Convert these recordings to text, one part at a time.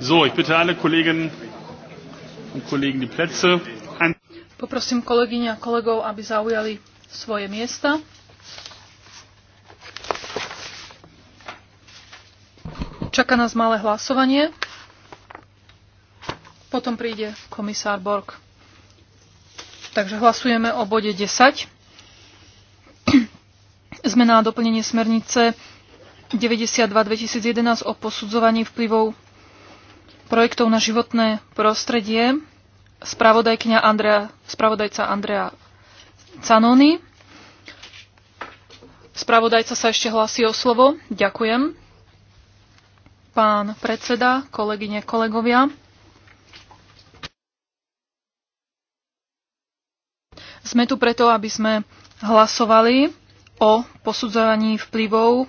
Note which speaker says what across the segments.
Speaker 1: So, ich bitte alle Kolleginnen und Kollegen die Plätze. An
Speaker 2: Poprosím kolegyň a kolegov, aby zaujali svoje miesta. Čaká nás malé hlasovanie. Potom príde komisár Borg. Takže hlasujeme o bode 10. Zmena a doplnenie smernice 92-2011 o posudzovaní vplyvov projektov na životné prostredie spravodajkňa Andrea, spravodajca Andrea Canony. Spravodajca sa ešte hlási o slovo. Ďakujem. Pán predseda, kolegyne, kolegovia. Sme tu preto, aby sme hlasovali o posudzovaní vplyvov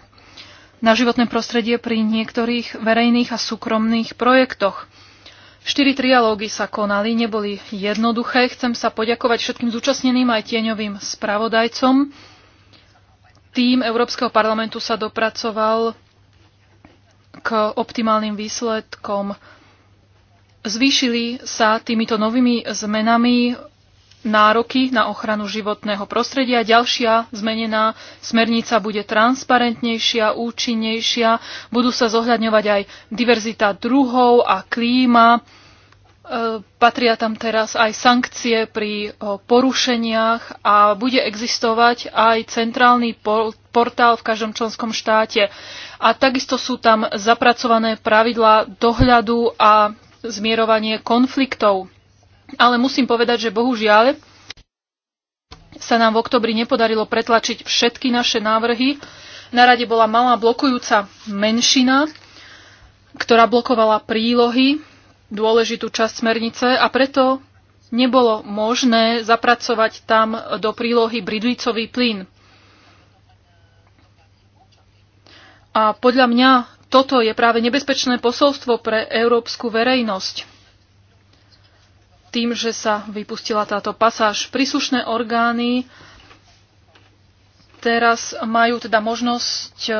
Speaker 2: na životné prostredie pri niektorých verejných a súkromných projektoch. Štyri trialógy sa konali, neboli jednoduché. Chcem sa poďakovať všetkým zúčastneným aj tieňovým spravodajcom. Tým Európskeho parlamentu sa dopracoval k optimálnym výsledkom. Zvýšili sa týmito novými zmenami nároky na ochranu životného prostredia. Ďalšia zmenená smernica bude transparentnejšia, účinnejšia. Budú sa zohľadňovať aj diverzita druhov a klíma. E, patria tam teraz aj sankcie pri e, porušeniach a bude existovať aj centrálny portál v každom členskom štáte. A takisto sú tam zapracované pravidlá dohľadu a zmierovanie konfliktov. Ale musím povedať, že bohužiaľ sa nám v oktobri nepodarilo pretlačiť všetky naše návrhy. Na rade bola malá blokujúca menšina, ktorá blokovala prílohy, dôležitú časť smernice a preto nebolo možné zapracovať tam do prílohy bridlicový plyn. A podľa mňa toto je práve nebezpečné posolstvo pre európsku verejnosť tým, že sa vypustila táto pasáž. Príslušné orgány teraz majú teda možnosť e,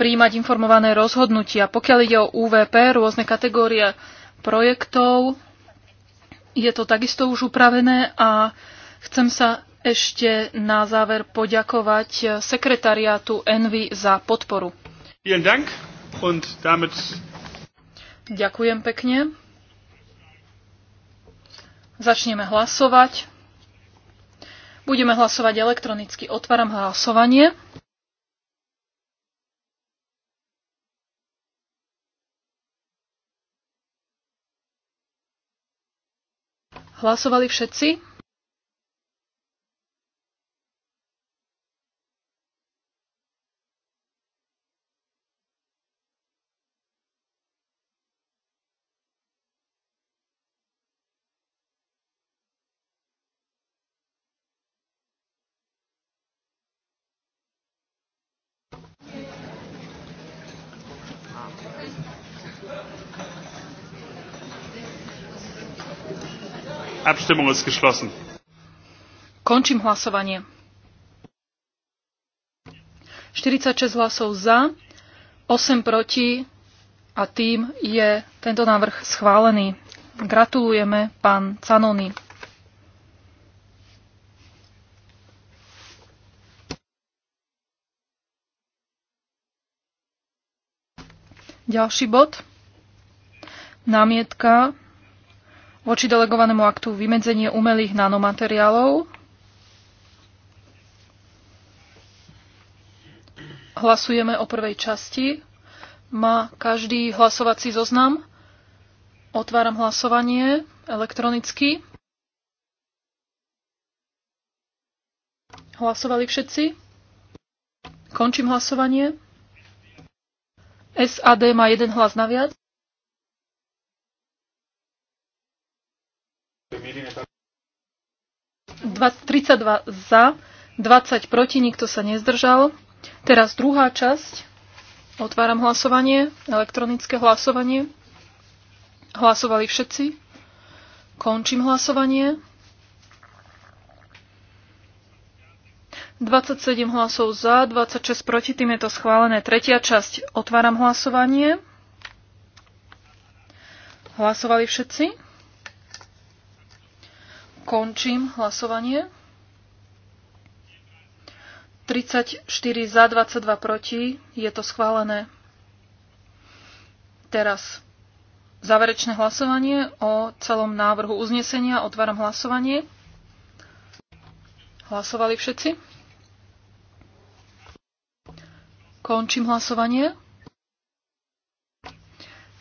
Speaker 2: príjmať informované rozhodnutia. Pokiaľ ide o UVP, rôzne kategórie projektov, je to takisto už upravené a chcem sa ešte na záver poďakovať e, sekretariátu Envy za podporu. Ďakujem pekne. Začneme hlasovať. Budeme hlasovať elektronicky. Otváram hlasovanie. Hlasovali všetci?
Speaker 1: Abstimmung ist geschlossen.
Speaker 2: Končím hlasovanie. 46 hlasov za, 8 proti a tým je tento návrh schválený. Gratulujeme pán Canony. Ďalší bod. Námietka voči delegovanému aktu vymedzenie umelých nanomateriálov. Hlasujeme o prvej časti. Má každý hlasovací zoznam. Otváram hlasovanie elektronicky. Hlasovali všetci? Končím hlasovanie. SAD má jeden hlas naviac. 32 za, 20 proti, nikto sa nezdržal. Teraz druhá časť. Otváram hlasovanie, elektronické hlasovanie. Hlasovali všetci. Končím hlasovanie. 27 hlasov za, 26 proti, tým je to schválené. Tretia časť. Otváram hlasovanie. Hlasovali všetci. Končím hlasovanie. 34 za, 22 proti. Je to schválené. Teraz záverečné hlasovanie o celom návrhu uznesenia. Otváram hlasovanie. Hlasovali všetci? Končím hlasovanie.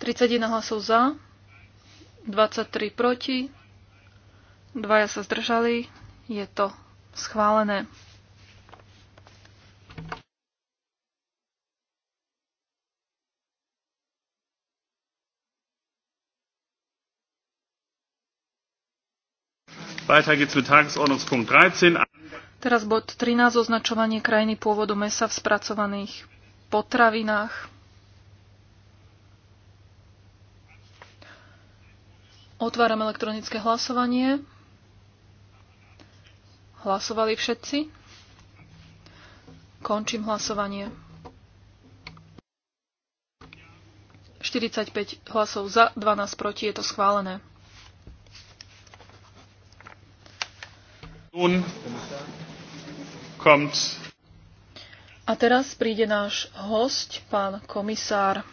Speaker 2: 31 hlasov za, 23 proti, Dvaja sa zdržali. Je to schválené.
Speaker 1: Weiter geht's mit Tagesordnungspunkt 13.
Speaker 2: Teraz bod 13, označovanie krajiny pôvodu mesa v spracovaných potravinách. Otváram elektronické hlasovanie. Hlasovali všetci? Končím hlasovanie. 45 hlasov za, 12 proti, je to schválené.
Speaker 1: Nun kommt.
Speaker 2: A teraz príde náš host, pán komisár.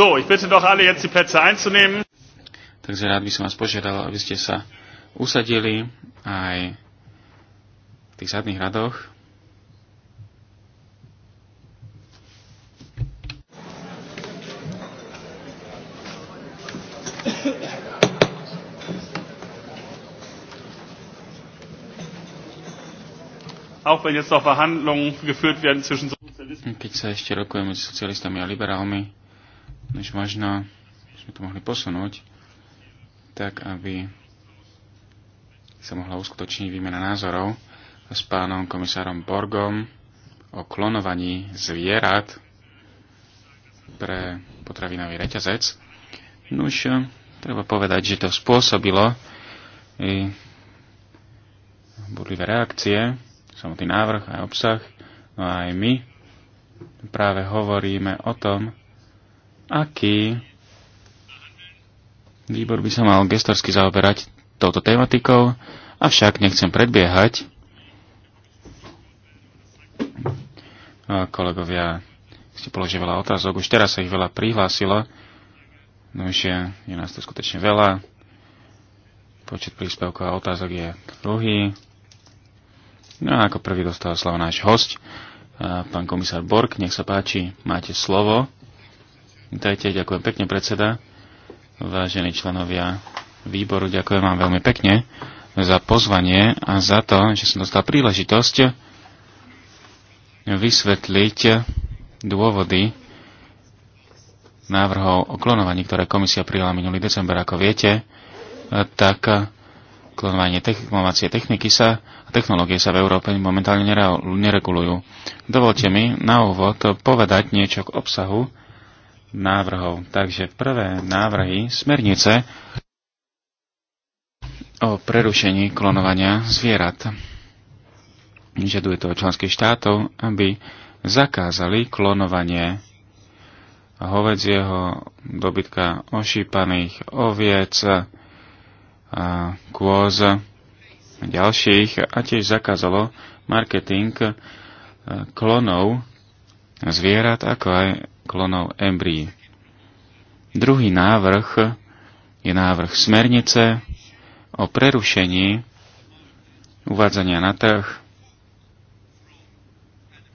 Speaker 1: So, ich bitte doch alle jetzt die Plätze einzunehmen. Takže rád by som vás požiadal, aby ste sa usadili aj v tých zadných radoch. Auch wenn jetzt noch Verhandlungen geführt werden zwischen Sozialisten. Keď sa ešte rokujeme s socialistami a liberálmi, než možno sme to mohli posunúť, tak aby sa mohla uskutočniť výmena názorov s pánom komisárom Borgom o klonovaní zvierat pre potravinový reťazec. Nuž, treba povedať, že to spôsobilo i budlivé reakcie, samotný návrh a obsah, no a aj my práve hovoríme o tom, aký výbor by sa mal gestorsky zaoberať touto tematikou, avšak nechcem predbiehať. Kolegovia, ste položili veľa otázok, už teraz sa ich veľa prihlásilo, no už je, je nás to skutočne veľa. Počet príspevkov a otázok je druhý. No a ako prvý dostal slovo náš host, pán komisár Bork, nech sa páči, máte slovo. Vítajte, ďakujem pekne predseda. Vážení členovia výboru, ďakujem vám veľmi pekne za pozvanie a za to, že som dostal príležitosť vysvetliť dôvody návrhov o klonovaní, ktoré komisia prijala minulý december, ako viete, tak klonovanie technikovacie techniky sa a technológie sa v Európe momentálne neregulujú. Dovolte mi na úvod povedať niečo k obsahu návrhov. Takže prvé návrhy smernice o prerušení klonovania zvierat. Žaduje to členských štátov, aby zakázali klonovanie hovedzieho dobytka ošípaných oviec, kôz a ďalších a tiež zakázalo marketing e, klonov zvierat, ako aj klonov embryí. Druhý návrh je návrh smernice o prerušení uvádzania na trh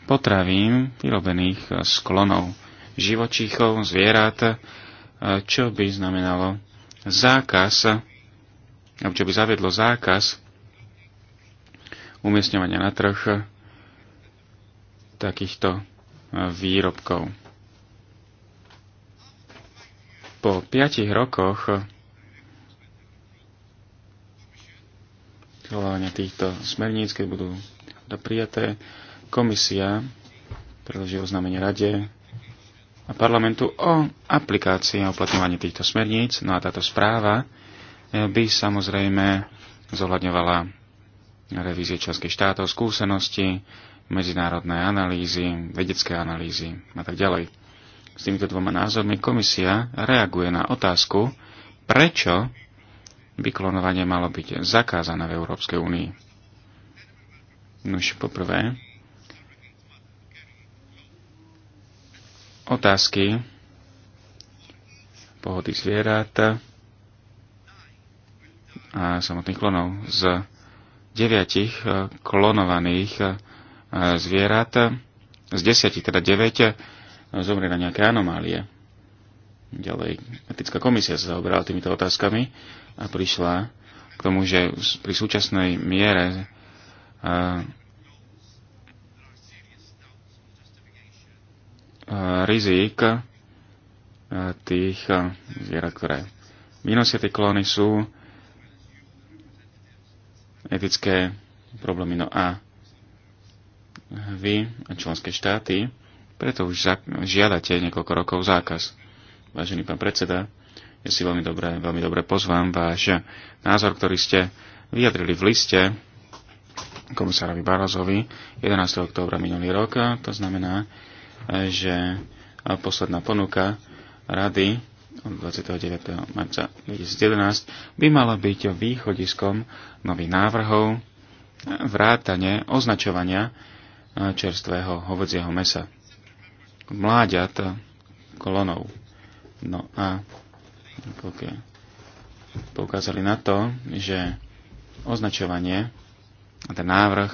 Speaker 1: potravín vyrobených z klonov živočíchov, zvierat, čo by znamenalo zákaz, čo by zavedlo zákaz umiestňovania na trh takýchto výrobkov po piatich rokoch hľadania týchto smerníc, keď budú prijaté, komisia predloží oznámenie rade a parlamentu o aplikácii a uplatňovaní týchto smerníc. No a táto správa eh, by samozrejme zohľadňovala revízie členských štátov, skúsenosti, medzinárodné analýzy, vedecké analýzy a tak ďalej s týmito dvoma názormi komisia reaguje na otázku, prečo by klonovanie malo byť zakázané v Európskej únii. Nuž poprvé, otázky pohody zvierat a samotných klonov z deviatich eh, klonovaných eh, zvierat, z desiatich teda 9 zomrie na nejaké anomálie. Ďalej, etická komisia sa zaoberala týmito otázkami a prišla k tomu, že pri súčasnej miere a, a, rizik a, tých zvierat, ktoré vynosia tie klóny, sú etické problémy. No a vy a členské štáty preto už žiadate niekoľko rokov zákaz. Vážený pán predseda, ja si veľmi dobre, veľmi dobre pozvám váš názor, ktorý ste vyjadrili v liste komisárovi Barozovi 11. októbra minulý rok. To znamená, že posledná ponuka rady od 29. marca 2011 by mala byť východiskom nových návrhov vrátane označovania čerstvého hovedzieho mesa mláďat kolonou. No a poukázali na to, že označovanie, a ten návrh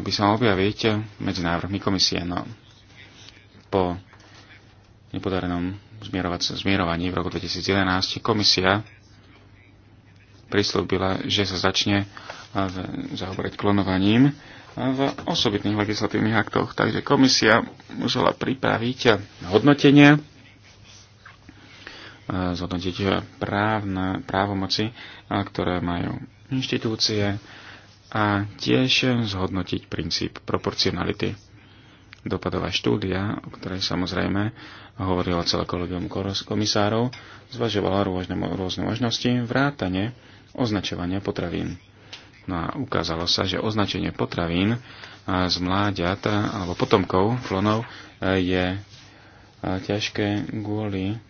Speaker 1: by sa mal objaviť medzi návrhmi komisie. No, po nepodarenom zmierovaní v roku 2011 komisia prislúbila, že sa začne zaoberať klonovaním v osobitných legislatívnych aktoch. Takže komisia musela pripraviť hodnotenie, e, zhodnotiť právne, právomoci, e, ktoré majú inštitúcie a tiež zhodnotiť princíp proporcionality. Dopadová štúdia, o ktorej samozrejme hovorila celé kolegium komisárov, zvažovala rôzne, rôzne možnosti vrátane označovania potravín. No a ukázalo sa, že označenie potravín z mláďat alebo potomkov klonov je ťažké kvôli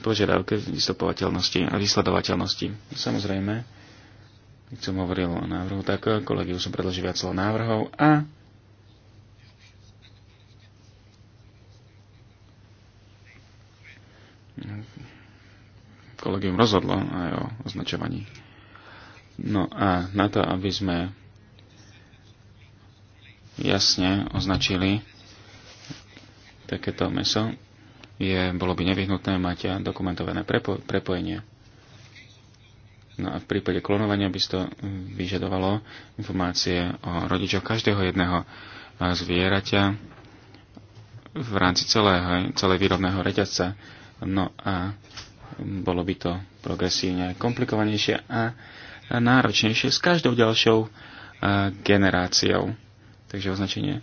Speaker 1: požiadavke vystupovateľnosti a vysledovateľnosti. Samozrejme, keď som hovoril o návrhu, tak kolegiu som predložil viac návrhov a kolegium rozhodlo aj o označovaní. No a na to, aby sme jasne označili takéto meso, je, bolo by nevyhnutné mať dokumentované prepo- prepojenie. No a v prípade klonovania by to vyžadovalo informácie o rodičoch každého jedného zvieraťa v rámci celého, celej výrobného reťazca. No a bolo by to progresívne komplikovanejšie a náročnejšie s každou ďalšou e, generáciou. Takže označenie e,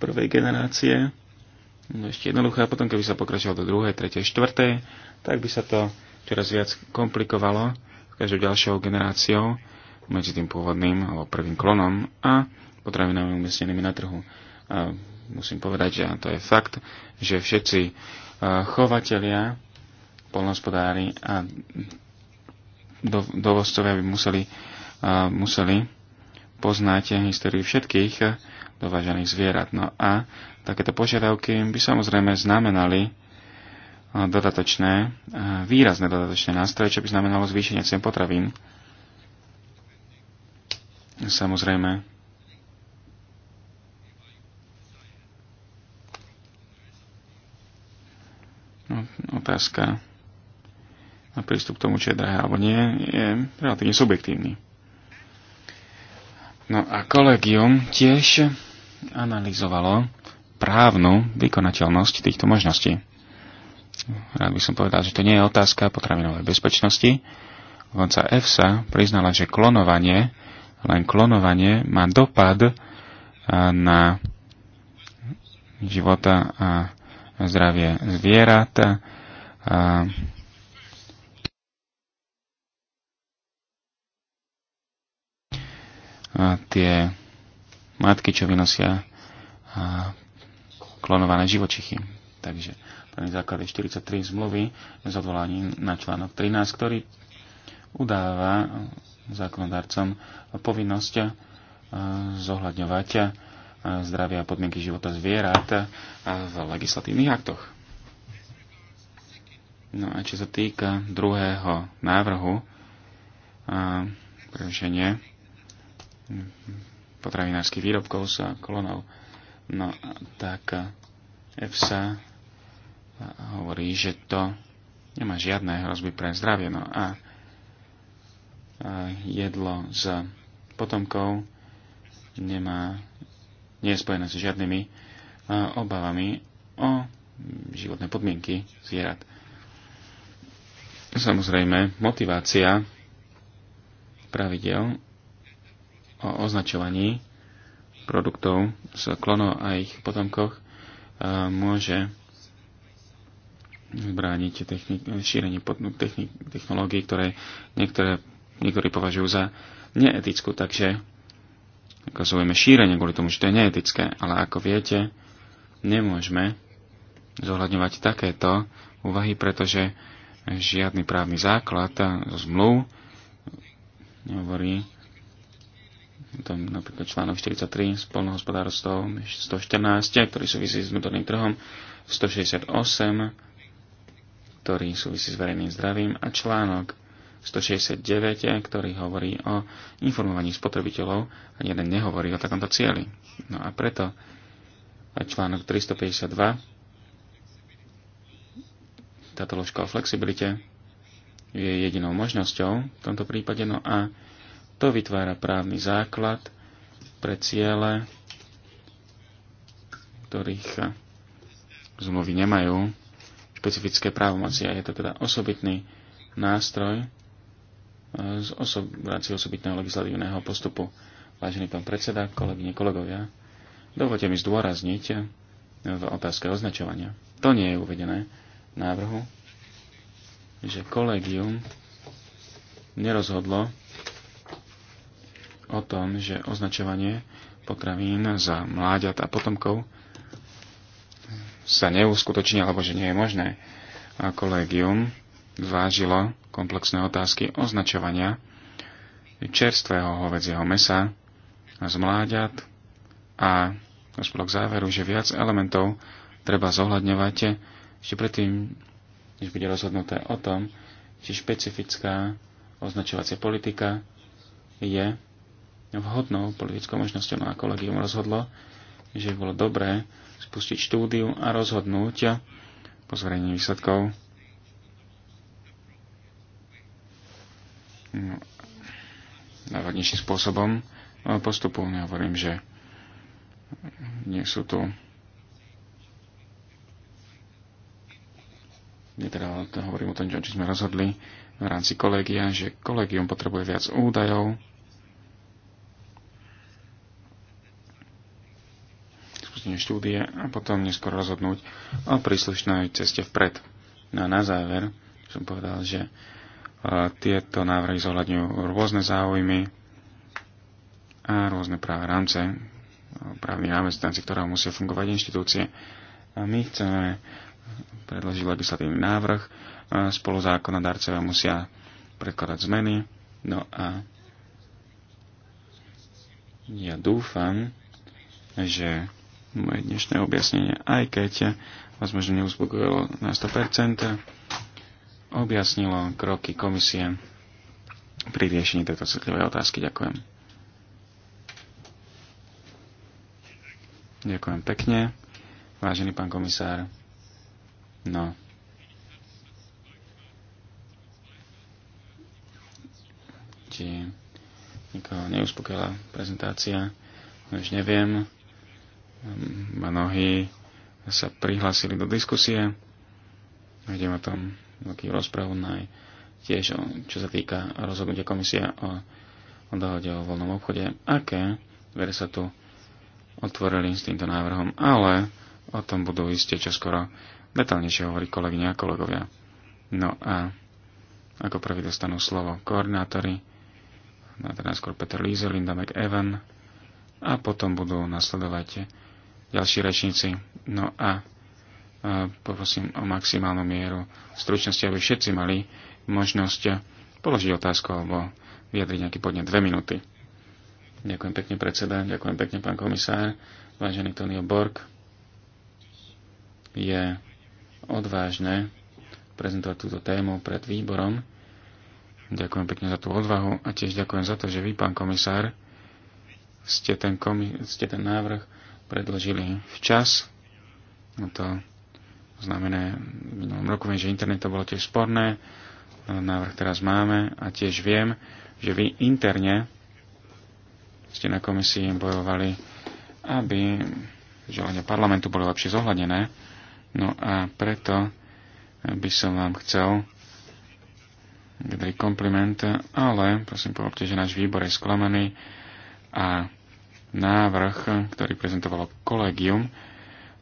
Speaker 1: prvej generácie no, ešte jednoduché a potom keby sa pokračovalo do druhej, tretej, štvrtej, tak by sa to čoraz viac komplikovalo s každou ďalšou generáciou medzi tým pôvodným alebo prvým klonom a potravinami umiestnenými na trhu. A musím povedať, že to je fakt, že všetci e, chovatelia polnospodári a do, dovozcovia by museli, uh, museli poznať históriu všetkých e, dovážených zvierat. No a takéto požiadavky by samozrejme znamenali e, dodatočné, e, výrazné dodatočné nástroje, čo by znamenalo zvýšenie cien potravín. Samozrejme, no, otázka a prístup k tomu, čo je drahé alebo nie, je relatívne subjektívny. No a kolegium tiež analyzovalo právnu vykonateľnosť týchto možností. Rád by som povedal, že to nie je otázka potravinovej bezpečnosti. Vonca EFSA priznala, že klonovanie, len klonovanie má dopad na života a zdravie zvierat, tie matky, čo vynosia klonované živočichy. Takže na základe 43 zmluvy s odvolaním na článok 13, ktorý udáva zákonodarcom povinnosť zohľadňovať zdravia a podmienky života zvierat v legislatívnych aktoch. No a čo sa týka druhého návrhu, prerušenie potravinárskych výrobkov s kolonou. No tak eh, EFSA eh, hovorí, že to nemá žiadne hrozby pre zdravie. No a eh, jedlo s potomkou nemá, nie je spojené s žiadnymi obavami o životné podmienky zvierat. Samozrejme, motivácia pravidel o označovaní produktov z klonov a ich potomkoch e, môže brániť technik- šírenie technik- technológií, ktoré niektoré, niektorí považujú za neetickú. Takže ukazujeme šírenie kvôli tomu, že to je neetické, ale ako viete, nemôžeme zohľadňovať takéto úvahy, pretože žiadny právny základ zo zmluv nehovorí to je napríklad článok 43 spolnohospodárstvo, 114, ktorý súvisí s vnútorným trhom, 168, ktorý súvisí s verejným zdravím a článok 169, ktorý hovorí o informovaní spotrebiteľov a jeden nehovorí o takomto cieli. No a preto článok 352, táto ložka o flexibilite, je jedinou možnosťou v tomto prípade, no a to vytvára právny základ pre ciele, ktorých zmluvy nemajú špecifické právomoci a je to teda osobitný nástroj e, z osob, v rámci osobitného legislatívneho postupu. Vážený pán predseda, kolegyne, kolegovia, dovolte mi zdôrazniť e, v otázke označovania. To nie je uvedené v návrhu, že kolegium nerozhodlo o tom, že označovanie potravín za mláďat a potomkov sa neuskutoční alebo že nie je možné. A kolegium zvážilo komplexné otázky označovania čerstvého hovedzieho mesa z mláďat a došlo k záveru, že viac elementov treba zohľadňovať ešte predtým, než bude rozhodnuté o tom, či špecifická označovacia politika je vhodnou politickou možnosťou. No a kolegium rozhodlo, že bolo dobré spustiť štúdiu a rozhodnúť po zverejnení výsledkov. No, najvhodnejším spôsobom e, postupu. Nehovorím, no, že nie sú tu nie teda hovorím o tom, čo sme rozhodli v rámci kolegia, že kolegium potrebuje viac údajov, uskutočnenie štúdie a potom neskôr rozhodnúť o príslušnej ceste vpred. No a na záver som povedal, že e, tieto návrhy zohľadňujú rôzne záujmy a rôzne práve rámce, právny rámec, v ktorého musia fungovať inštitúcie. A my chceme predložiť legislatívny návrh, e, spolu zákonodarcovia musia predkladať zmeny, no a ja dúfam, že moje dnešné objasnenie, aj keď vás možno neuspokojilo na 100%, objasnilo kroky komisie pri riešení tejto citlivej otázky. Ďakujem. Ďakujem pekne, vážený pán komisár. No. Či nikoho neuspokojila prezentácia, už neviem Ehm, mnohí sa prihlásili do diskusie. Ideme tam veľký rozprávu na tiež, čo sa týka rozhodnutia komisia o, o dohode o voľnom obchode. Aké dvere sa tu otvorili s týmto návrhom, ale o tom budú iste čoskoro detálnejšie hovoriť kolegyne a kolegovia. No a ako prvý dostanú slovo koordinátori, no, teda najskôr Peter Líze, Linda McEvan a potom budú nasledovať ďalší rečníci. No a poprosím o maximálnu mieru stručnosti, aby všetci mali možnosť položiť otázku alebo vyjadriť nejaký podne dve minúty. Ďakujem pekne predseda, ďakujem pekne pán komisár. Vážený Tonio Borg, je odvážne prezentovať túto tému pred výborom. Ďakujem pekne za tú odvahu a tiež ďakujem za to, že vy, pán komisár, ste ten, komi- ste ten návrh predložili včas. No to znamená, v minulom roku viem, že internet to bolo tiež sporné. E, návrh teraz máme a tiež viem, že vy interne ste na komisii bojovali, aby želania parlamentu boli lepšie zohľadené. No a preto by som vám chcel dať kompliment, ale prosím povedzte, že náš výbor je sklamaný a návrh, ktorý prezentovalo kolegium,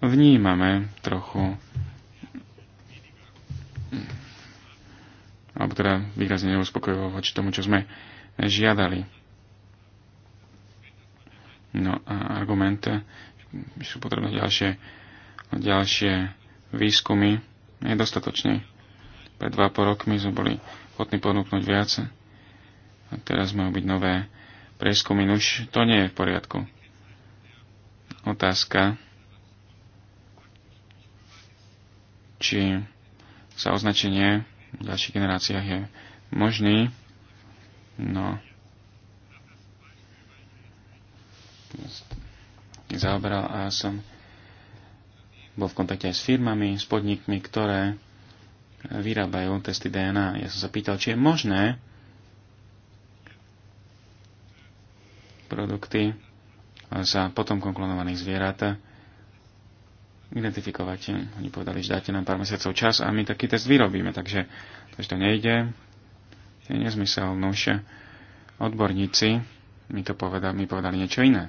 Speaker 1: vnímame trochu alebo teda výrazne neuspokojivo voči tomu, čo sme žiadali. No a argument, sú potrebné ďalšie, ďalšie výskumy, je dostatočný. Pred dva po rokmi sme boli ochotní ponúknuť viac. A teraz majú byť nové prieskumy, no už to nie je v poriadku. Otázka, či sa označenie v ďalších generáciách je možný. No. Zaoberal a som bol v kontakte aj s firmami, s podnikmi, ktoré vyrábajú testy DNA. Ja som sa pýtal, či je možné produkty za potomkom klonovaných zvierat identifikovať. Oni povedali, že dáte nám pár mesiacov čas a my taký test vyrobíme, takže, takže to nejde. To je nezmysel. Nuž odborníci mi to povedali, mi povedali niečo iné.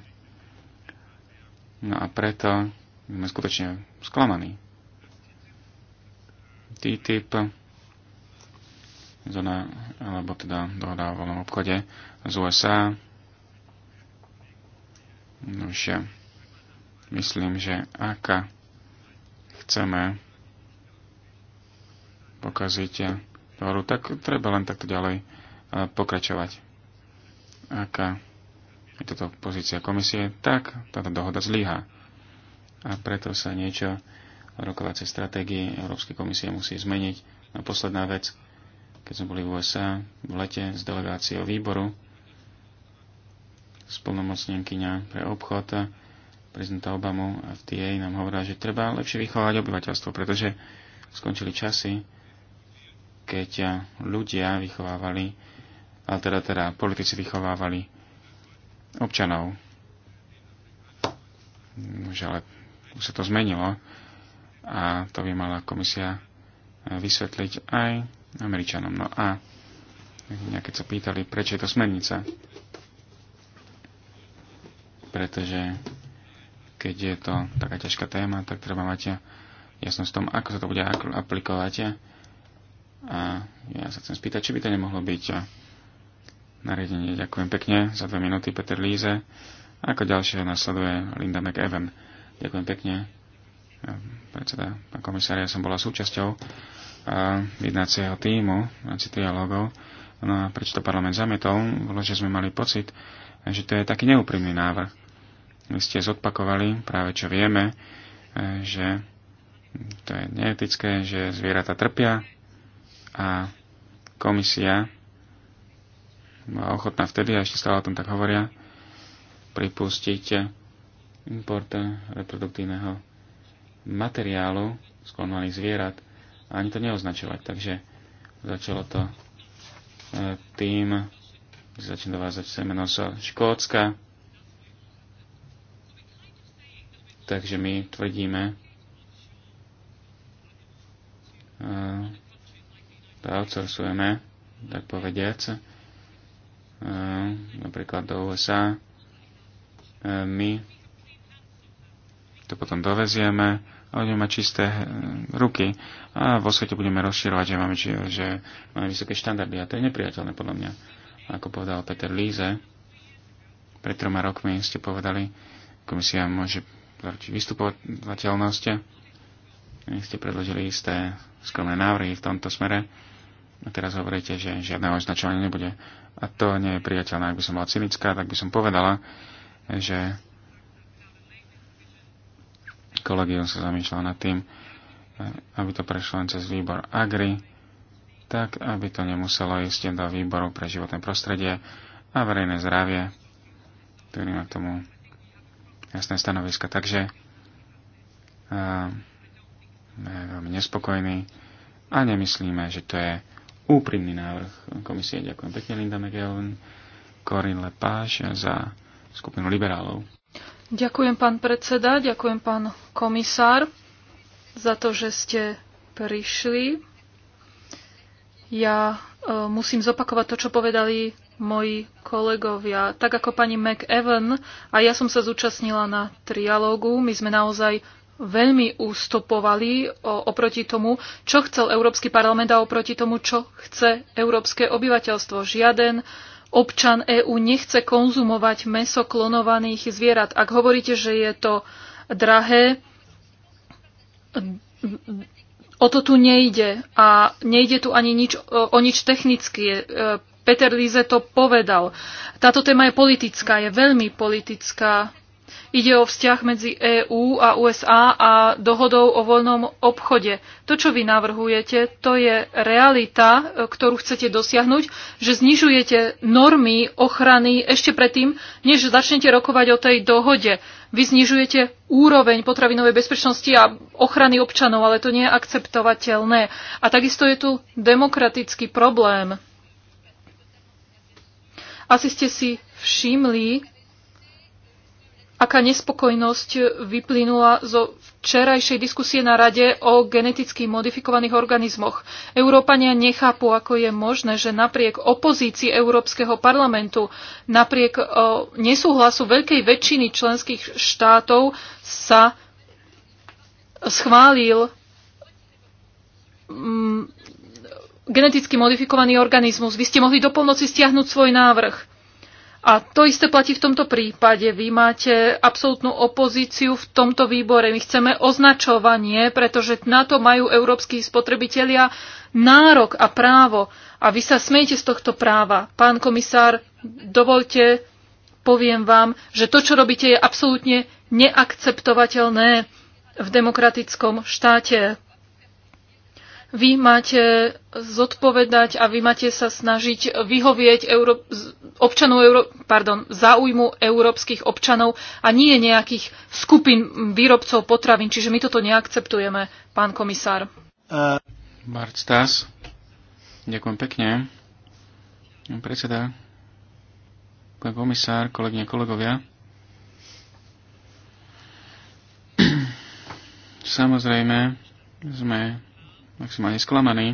Speaker 1: No a preto sme skutočne sklamaní. TTIP, zóna, alebo teda dohoda o voľnom obchode z USA, už myslím, že ak chceme pokaziť tvoru, tak treba len takto ďalej e, pokračovať. Aká je toto pozícia komisie, tak táto dohoda zlyhá. A preto sa niečo v rokovacej stratégii Európskej komisie musí zmeniť. A posledná vec, keď sme boli v USA v lete s delegáciou výboru, spolnomocnenkyňa pre obchod prezidenta Obamu FDA nám hovorila, že treba lepšie vychovať obyvateľstvo, pretože skončili časy, keď ľudia vychovávali, ale teda, teda politici vychovávali občanov. Že ale už sa to zmenilo a to by mala komisia vysvetliť aj Američanom. No a keď sa pýtali, prečo je to smernica, pretože keď je to taká ťažká téma, tak treba mať jasnosť v tom, ako sa to bude aplikovať. A ja sa chcem spýtať, či by to nemohlo byť nariadenie. Ďakujem pekne za dve minúty Peter Líze. Ako ďalšieho nasleduje Linda McEwen. Ďakujem pekne. Predseda, pán komisár, ja som bola súčasťou jednácieho týmu v dialogov. No a prečo to parlament zamietol? Bolo, že sme mali pocit, Takže to je taký neúprimný návrh. Vy ste zodpakovali práve čo vieme, e, že to je neetické, že zvieratá trpia a komisia bola ochotná vtedy, a ešte stále o tom tak hovoria, pripustiť import reproduktívneho materiálu klonovaných zvierat a ani to neoznačovať. Takže začalo to e, tým, začne dovázať semeno zo Škótska. Takže my tvrdíme, eh, to outsourcujeme, tak povediac, eh, napríklad do USA. Eh, my to potom dovezieme a budeme mať čisté ruky a vo svete budeme rozširovať, že máme, že máme vysoké štandardy a to je nepriateľné podľa mňa. Ako povedal Peter Líze, pred troma rokmi ste povedali, komisia môže zaručiť vystupovateľnosť. Ste predložili isté skromné návrhy v tomto smere. A teraz hovoríte, že žiadne označovanie nebude. A to nie je priateľné. Ak by som bola cynická, tak by som povedala, že kolegium sa zamýšľa nad tým, aby to prešlo len cez výbor Agri, tak aby to nemuselo ísť do výboru pre životné prostredie a verejné zdravie, ktorý má tomu jasné stanoviska. Takže sme je veľmi nespokojný a nemyslíme, že to je úprimný návrh komisie. Ďakujem pekne Linda McGowan, Corinne Lepage za skupinu liberálov.
Speaker 2: Ďakujem pán predseda, ďakujem pán komisár za to, že ste prišli ja e, musím zopakovať to, čo povedali moji kolegovia. Tak ako pani McEwan a ja som sa zúčastnila na trialógu, my sme naozaj veľmi ústupovali e, oproti tomu, čo chcel Európsky parlament a oproti tomu, čo chce európske obyvateľstvo. Žiaden občan EÚ nechce konzumovať meso klonovaných zvierat. Ak hovoríte, že je to drahé, O to tu nejde a nejde tu ani nič, o nič technické. E, Peter Lize to povedal. Táto téma je politická, je veľmi politická. Ide o vzťah medzi EÚ a USA a dohodou o voľnom obchode. To, čo vy navrhujete, to je realita, e, ktorú chcete dosiahnuť, že znižujete normy ochrany ešte predtým, než začnete rokovať o tej dohode. Vy znižujete úroveň potravinovej bezpečnosti a ochrany občanov, ale to nie je akceptovateľné. A takisto je tu demokratický problém. Asi ste si všimli, aká nespokojnosť vyplynula zo včerajšej diskusie na Rade o geneticky modifikovaných organizmoch. Európania nechápu, ako je možné, že napriek opozícii Európskeho parlamentu, napriek e, nesúhlasu veľkej väčšiny členských štátov sa schválil mm, geneticky modifikovaný organizmus. Vy ste mohli do polnoci stiahnuť svoj návrh. A to isté platí v tomto prípade. Vy máte absolútnu opozíciu v tomto výbore. My chceme označovanie, pretože na to majú európsky spotrebitelia nárok a právo. A vy sa smejete z tohto práva. Pán komisár, dovolte, poviem vám, že to, čo robíte, je absolútne neakceptovateľné v demokratickom štáte. Vy máte zodpovedať a vy máte sa snažiť vyhovieť Euró- občanov Euró- pardon, záujmu európskych občanov a nie nejakých skupín výrobcov potravín. Čiže my toto neakceptujeme, pán komisár.
Speaker 1: Uh... Bart Stas, ďakujem pekne. Predseda, pán komisár, kolegyne, kolegovia. Samozrejme, sme maximálne sklamaný.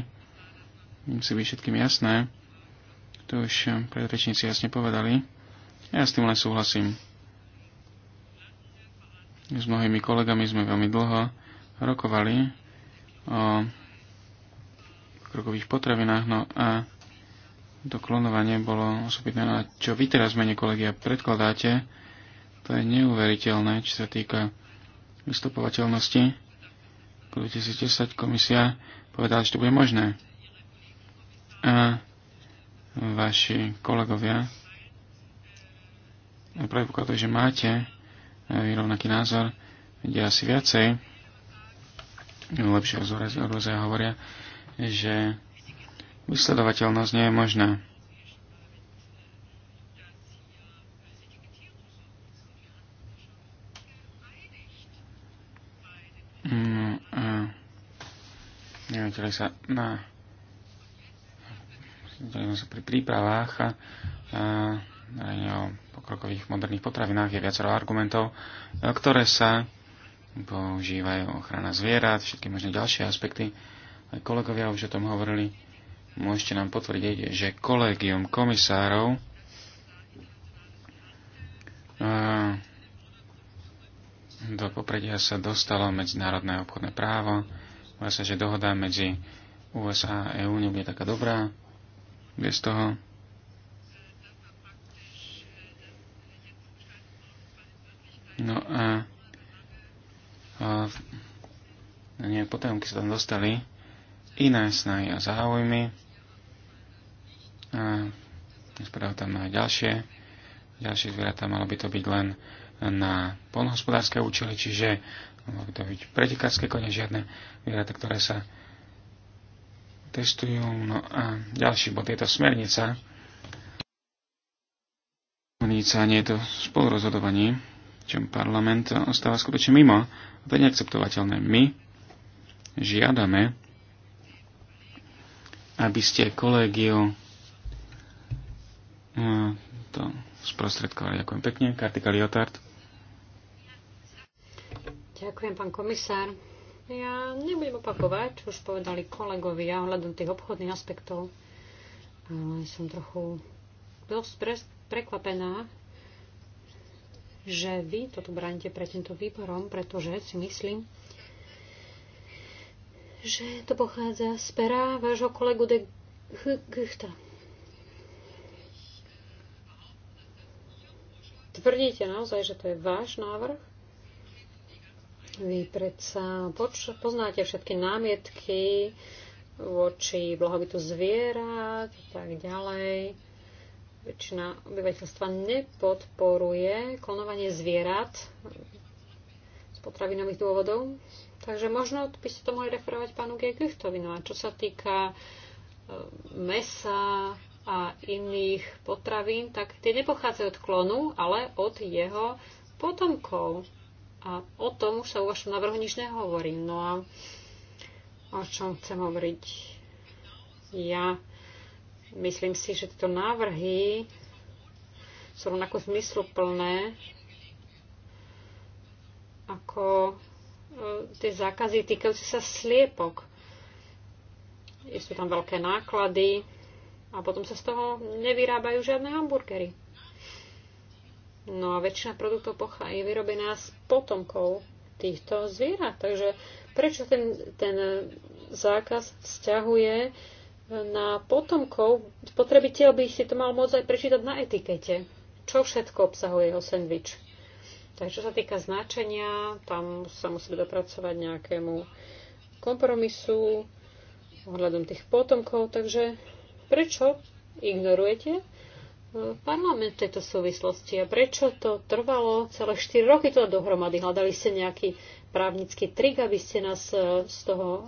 Speaker 1: Musí byť všetkým jasné. To už eh, predrečníci jasne povedali. Ja s tým len súhlasím. S mnohými kolegami sme veľmi dlho rokovali o krokových potravinách, no a to klonovanie bolo osobitné. No a čo vy teraz, mene kolegia, predkladáte, to je neuveriteľné, čo sa týka vystupovateľnosti roku 2010 komisia povedala, že to bude možné. A vaši kolegovia to, že máte rovnaký názor, kde asi viacej lepšie rozhovoria hovoria, že vysledovateľnosť nie je možná. Sústredili sa na sústredili sa pri prípravách a, a, o pokrokových moderných potravinách je viacero argumentov, e, ktoré sa používajú ochrana zvierat, všetky možné ďalšie aspekty. Aj kolegovia už o tom hovorili. Môžete nám potvrdiť, že kolegium komisárov e, do popredia sa dostalo medzinárodné obchodné právo, vlastne, že dohoda medzi USA a EÚ nebude taká dobrá. Bez toho No a, a nie, potom, keď sa tam dostali iné snahy a záujmy, a spravil tam aj ďalšie, ďalšie zvieratá, malo by to byť len na polnohospodárske účely, čiže Mohli to byť pretekárske kone, žiadne zvieratá, ktoré sa testujú. No a ďalší bod je to smernica. Smernica nie je to spolurozhodovanie, čom parlament ostáva skutočne mimo. A to je neakceptovateľné. My žiadame, aby ste kolegiu eh, to sprostredkovali. Ďakujem pekne. Kartika Lyotard.
Speaker 3: Ďakujem, pán komisár. Ja nebudem opakovať, čo už povedali kolegovia ohľadom tých obchodných aspektov, ale som trochu dosť prekvapená, že vy toto bránite pre týmto výborom, pretože si myslím, že to pochádza z pera vášho kolegu de Guchta. Tvrdíte naozaj, že to je váš návrh? Vy predsa poznáte všetky námietky voči blahobytu zvierat a tak ďalej. Väčšina obyvateľstva nepodporuje klonovanie zvierat z potravinových dôvodov. Takže možno by ste to mohli referovať pánu Gekrichtovi. No a čo sa týka e, mesa a iných potravín, tak tie nepochádzajú od klonu, ale od jeho potomkov. A o tom už sa u vašom návrhu nič nehovorí. No a o čom chcem hovoriť ja? Myslím si, že tieto návrhy sú rovnako zmysluplné ako e, tie zákazy týkajúce sa sliepok. Sú tam veľké náklady a potom sa z toho nevyrábajú žiadne hamburgery. No a väčšina produktov je vyrobená z potomkov týchto zvierat. Takže prečo ten, ten zákaz vzťahuje na potomkov? Spotrebiteľ by si to mal môcť aj prečítať na etikete, čo všetko obsahuje jeho sendvič. Takže čo sa týka značenia, tam sa musí dopracovať nejakému kompromisu ohľadom tých potomkov. Takže prečo ignorujete parlament v tejto súvislosti. A prečo to trvalo celé 4 roky to dohromady? Hľadali ste nejaký právnický trik, aby ste nás e, z toho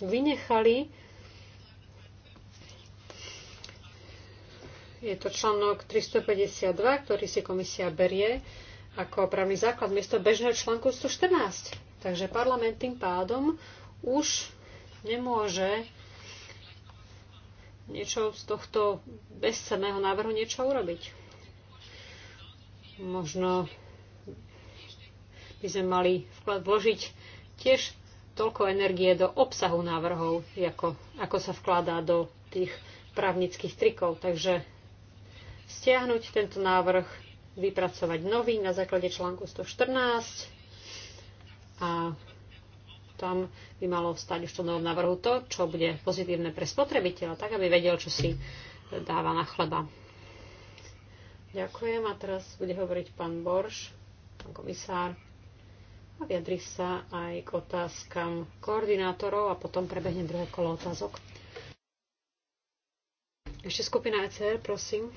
Speaker 3: vynechali? Je to článok 352, ktorý si komisia berie ako právny základ miesto bežného článku 114. Takže parlament tým pádom už nemôže niečo z tohto bezcenného návrhu niečo urobiť. Možno by sme mali vklad vložiť tiež toľko energie do obsahu návrhov, ako, ako sa vkladá do tých právnických trikov. Takže stiahnuť tento návrh, vypracovať nový na základe článku 114 a tam by malo stať už to novom návrhu to, čo bude pozitívne pre spotrebiteľa, tak aby vedel, čo si e, dáva na chleba. Ďakujem a teraz bude hovoriť pán Borš, pán komisár a vyjadri sa aj k otázkam koordinátorov a potom prebehne druhé kolo otázok. Ešte skupina ECR, prosím.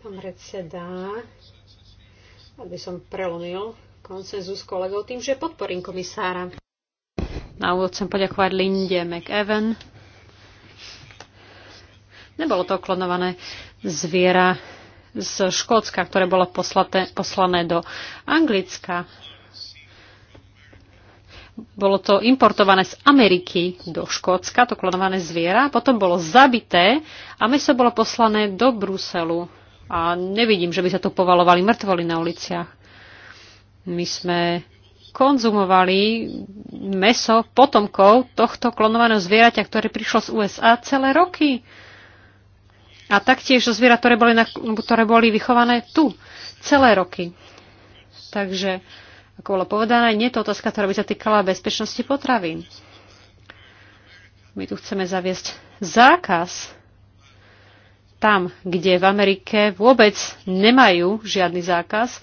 Speaker 3: Pán predseda, aby som prelomil konsenzus kolegov tým, že podporím komisára. Na úvod chcem poďakovať Linde McEwen. Nebolo to klonované zviera z Škótska, ktoré bolo poslaté, poslané do Anglicka. Bolo to importované z Ameriky do Škótska, to klonované zviera, potom bolo zabité a meso bolo poslané do Bruselu. A nevidím, že by sa tu povalovali mŕtvoli na uliciach. My sme konzumovali meso potomkov tohto klonovaného zvieraťa, ktoré prišlo z USA celé roky. A taktiež zo zvierat, ktoré boli, na, ktoré boli vychované tu celé roky. Takže, ako bolo povedané, nie je to otázka, ktorá by sa týkala bezpečnosti potravín. My tu chceme zaviesť zákaz tam, kde v Amerike vôbec nemajú žiadny zákaz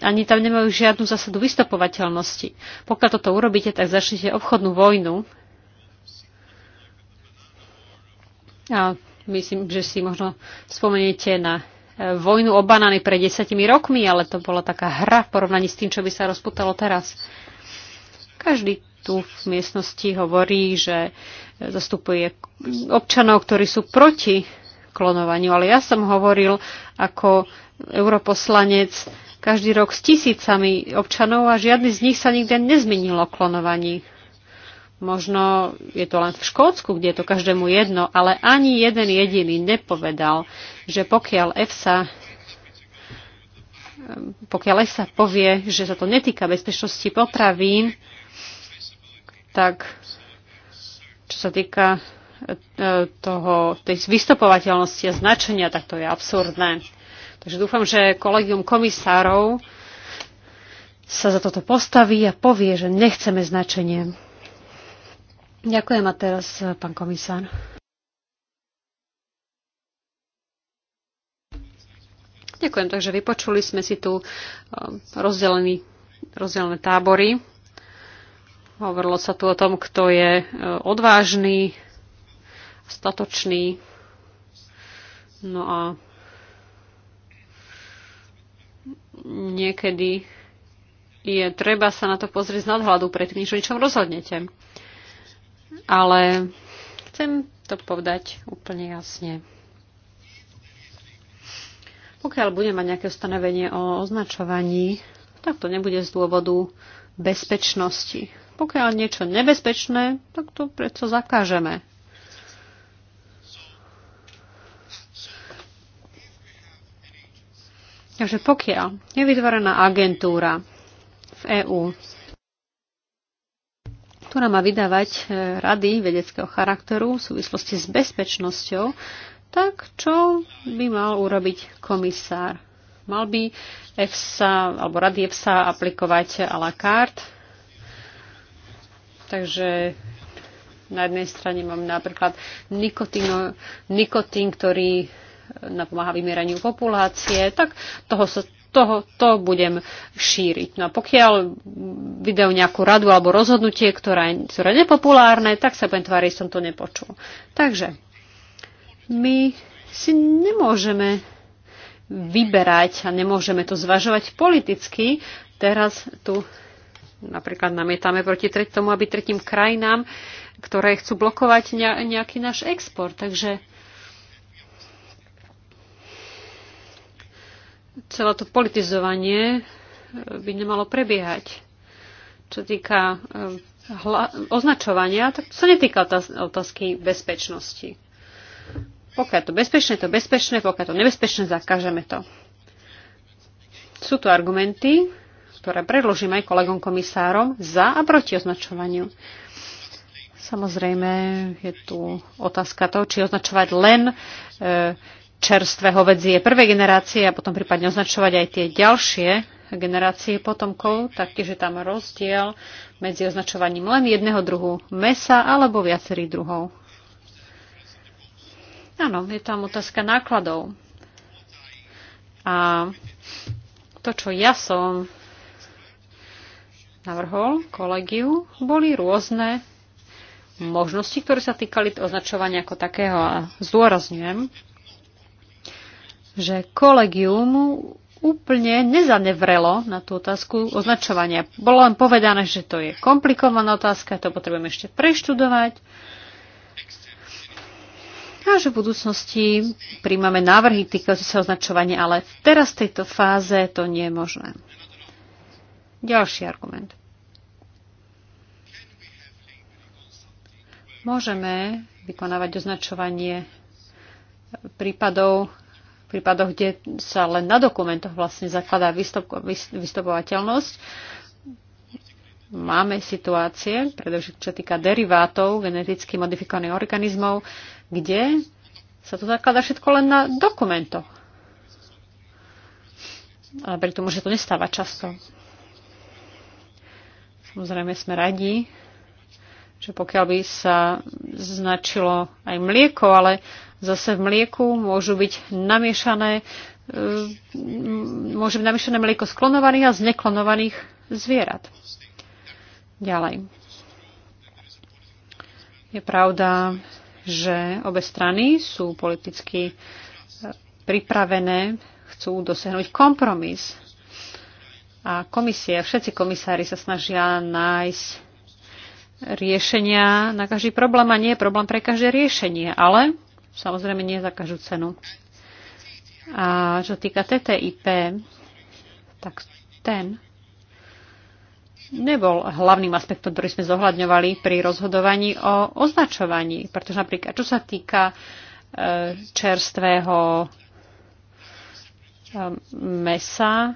Speaker 3: ani tam nemajú žiadnu zásadu vystopovateľnosti. Pokiaľ toto urobíte, tak začnete obchodnú vojnu. A myslím, že si možno spomeniete na e, vojnu o banány pred desiatimi rokmi, ale to bola taká hra v porovnaní s tým, čo by sa rozputalo teraz. Každý tu v miestnosti hovorí, že e, zastupuje občanov, ktorí sú proti klonovaniu. Ale ja som hovoril ako europoslanec každý rok s tisícami občanov a žiadny z nich sa nikde nezmenilo klonovaní. Možno je to len v Škótsku, kde je to každému jedno, ale ani jeden jediný nepovedal, že pokiaľ EFSA pokiaľ EFSA povie, že sa to netýka bezpečnosti potravín, tak čo sa týka e, toho, tej vystopovateľnosti a značenia, tak to je absurdné. Takže dúfam, že kolegium komisárov sa za toto postaví a povie, že nechceme značenie. Ďakujem a teraz eh, pán komisár. Ďakujem, takže vypočuli sme si tu rozdelený, eh, rozdelené tábory. Hovorilo sa tu o tom, kto je eh, odvážny, statočný. No a niekedy je treba sa na to pozrieť z nadhľadu predtým, než o ničom rozhodnete. Ale chcem to povedať úplne jasne. Pokiaľ budem mať nejaké ustanovenie o označovaní, tak to nebude z dôvodu bezpečnosti. Pokiaľ niečo nebezpečné, tak to predsa zakážeme. Takže pokiaľ je vytvorená agentúra v EÚ, ktorá má vydávať e, rady vedeckého charakteru v súvislosti s bezpečnosťou, tak čo by mal urobiť komisár? Mal by EFSA alebo rady EFSA aplikovať a la carte? Takže na jednej strane mám napríklad nikotín, ktorý napomáha vymieraniu populácie, tak toho sa toho, to budem šíriť. No a pokiaľ vydajú nejakú radu alebo rozhodnutie, ktoré, ktoré je nepopulárne, tak sa budem tváriť, som to nepočul. Takže my si nemôžeme vyberať a nemôžeme to zvažovať politicky. Teraz tu napríklad namietame proti tomu, aby tretím krajinám, ktoré chcú blokovať nejaký náš export. Takže celé to politizovanie e, by nemalo prebiehať. Čo týka e, označovania, tak to sa netýka otázky bezpečnosti. Pokiaľ je to bezpečné, to bezpečné, pokiaľ je to nebezpečné, zakážeme to. Sú to argumenty, ktoré predložím aj kolegom komisárom za a proti označovaniu. Samozrejme, je tu otázka toho, či označovať len e, čerstvé hovedzie prvej generácie a potom prípadne označovať aj tie ďalšie generácie potomkov, taktiež je tam rozdiel medzi označovaním len jedného druhu mesa alebo viacerých druhov. Áno, je tam otázka nákladov. A to, čo ja som navrhol kolegiu, boli rôzne možnosti, ktoré sa týkali označovania ako takého. A zdôrazňujem, že kolegium úplne nezanevrelo na tú otázku označovania. Bolo len povedané, že to je komplikovaná otázka, to potrebujeme ešte preštudovať a že v budúcnosti príjmame návrhy týkajúce sa označovania, ale teraz v tejto fáze to nie je možné. Ďalší argument. Môžeme vykonávať označovanie prípadov v prípadoch, kde sa len na dokumentoch vlastne zakladá vystupovateľnosť. Máme situácie, pretože čo týka derivátov, geneticky modifikovaných organizmov, kde sa to zakladá všetko len na dokumentoch. Ale preto tomu, že to nestáva často. Samozrejme sme radi, že pokiaľ by sa značilo aj mlieko, ale zase v mlieku môžu byť namiešané e, môže byť namiešané mlieko z klonovaných a z neklonovaných zvierat. Ďalej. Je pravda, že obe strany sú politicky e, pripravené, chcú dosiahnuť kompromis. A komisia, všetci komisári sa snažia nájsť riešenia na každý problém a nie je problém pre každé riešenie, ale samozrejme nie za každú cenu. A čo týka TTIP, tak ten nebol hlavným aspektom, ktorý sme zohľadňovali pri rozhodovaní o označovaní. Pretože napríklad, čo sa týka e, čerstvého e, mesa,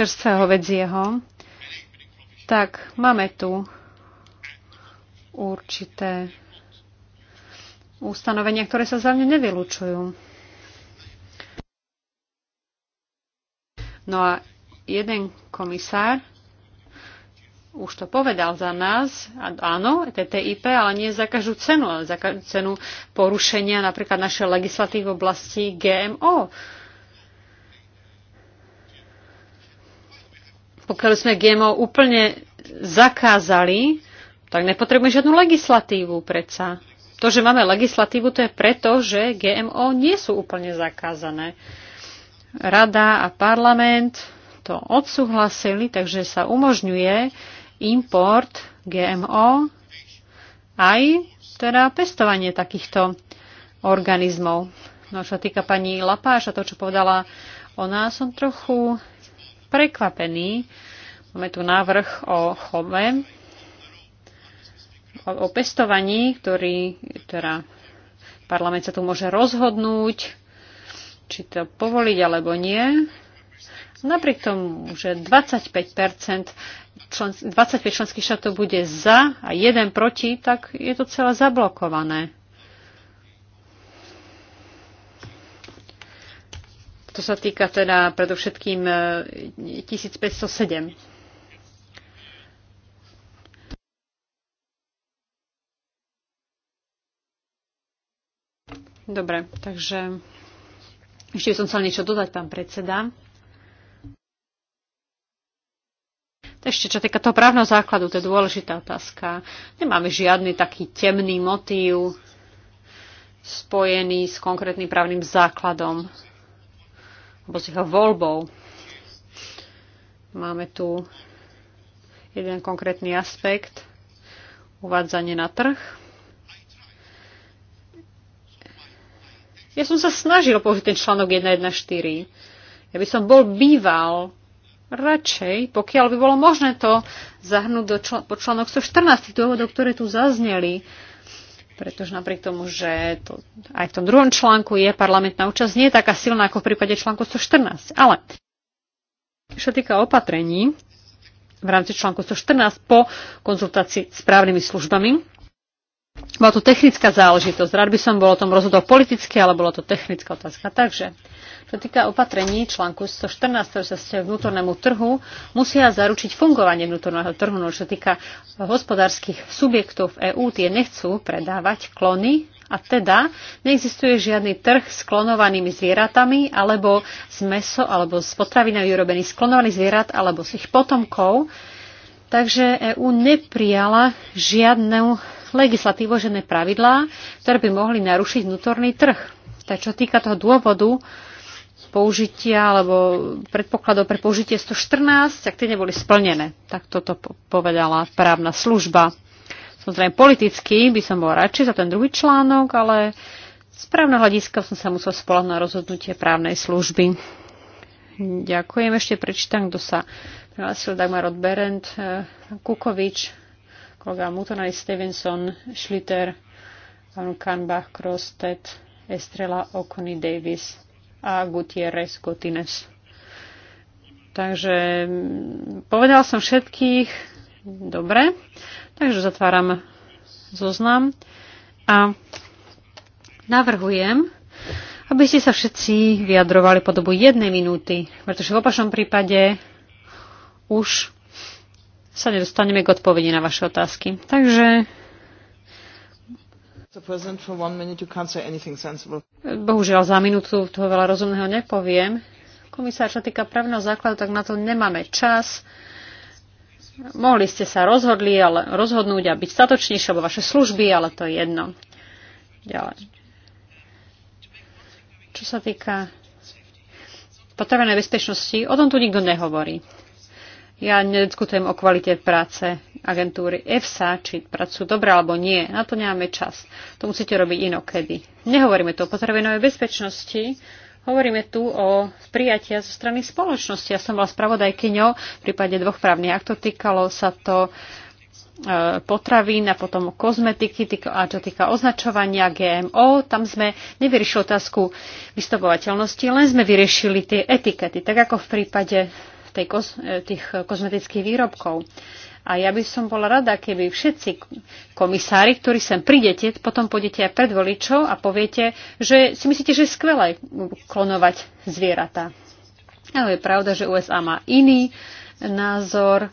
Speaker 3: čerstvého vedzieho, tak máme tu určité ustanovenia, ktoré sa za mňa nevylučujú. No a jeden komisár už to povedal za nás, a áno, TTIP, ale nie za každú cenu, ale za každú cenu porušenia napríklad našej legislatívy v oblasti GMO. pokiaľ sme GMO úplne zakázali, tak nepotrebujeme žiadnu legislatívu predsa. To, že máme legislatívu, to je preto, že GMO nie sú úplne zakázané. Rada a parlament to odsúhlasili, takže sa umožňuje import GMO aj teda pestovanie takýchto organizmov. No čo týka pani Lapáša, to, čo povedala ona, som trochu prekvapení. Máme tu návrh o chove, o, o pestovaní, ktorý ktorá parlament sa tu môže rozhodnúť, či to povoliť alebo nie. Napriek tomu, že 25 člen, 25 členských štátov bude za a jeden proti, tak je to celé zablokované. To sa týka teda predovšetkým 1507. E, Dobre, takže ešte by som chcel niečo dodať, pán predseda. Ešte čo týka toho právneho základu, to je dôležitá otázka. Nemáme žiadny taký temný motív spojený s konkrétnym právnym základom alebo jeho voľbou. Máme tu jeden konkrétny aspekt, uvádzanie na trh. Ja som sa snažil použiť ten článok 1.1.4. Ja by som bol býval radšej, pokiaľ by bolo možné to zahrnúť do čl- po článok 114 dôvodov, ktoré tu zazneli pretože napriek tomu, že to, aj v tom druhom článku je parlamentná účasť, nie je taká silná ako v prípade článku 114. Ale čo týka opatrení v rámci článku 114 po konzultácii s právnymi službami, bola to technická záležitosť. Rád by som bol o tom rozhodol politicky, ale bola to technická otázka. Takže, čo týka opatrení článku 114, sa ste vnútornému trhu, musia zaručiť fungovanie vnútorného trhu. No, čo týka hospodárskych subjektov v EÚ, tie nechcú predávať klony a teda neexistuje žiadny trh s klonovanými zvieratami alebo s meso alebo s potravinami urobených z klonovaných zvierat alebo z ich potomkov. Takže EÚ neprijala žiadnu legislatívo, pravidlá, ktoré by mohli narušiť vnútorný trh. Tak čo týka toho dôvodu použitia alebo predpokladov pre použitie 114, tak tie neboli splnené. Tak toto povedala právna služba. Samozrejme politicky by som bol radšej za ten druhý článok, ale z právneho hľadiska som sa musel spolať na rozhodnutie právnej služby. Ďakujem. Ešte prečítam, kto sa prihlásil. Dagmar Odberend, eh, Kukovič, kolega Mutonari Stevenson, Schlitter, Kanbach, Krostet, Estrela, Okony, Davis a Gutierrez, Gutines. Takže mm, povedal som všetkých. Dobre. Takže zatváram zoznam a navrhujem, aby ste sa všetci vyjadrovali po dobu jednej minúty, pretože v opačnom prípade už sa nedostaneme k odpovedi na vaše otázky. Takže Bohužiaľ, za minútu toho veľa rozumného nepoviem. Komisár, čo týka právneho základu, tak na to nemáme čas. Mohli ste sa rozhodli, ale rozhodnúť a byť statočnejšie, alebo vaše služby, ale to je jedno. Ďalej. Čo sa týka potravenej bezpečnosti, o tom tu nikto nehovorí. Ja nediskutujem o kvalite práce agentúry EFSA, či pracujú dobre alebo nie. Na to nemáme čas. To musíte robiť inokedy. Nehovoríme tu o potravinovej bezpečnosti, hovoríme tu o prijatia zo strany spoločnosti. Ja som bola spravodajkyňou v prípade dvoch právnych aktov. Týkalo sa to e, potravín a potom kozmetiky a čo týka označovania GMO. Tam sme nevyriešili otázku vystavovateľnosti, len sme vyriešili tie etikety, tak ako v prípade tej, e, tých kozmetických výrobkov. A ja by som bola rada, keby všetci komisári, ktorí sem prídete, potom pôjdete aj pred voličov a poviete, že si myslíte, že je skvelé klonovať zvieratá. Ale je pravda, že USA má iný názor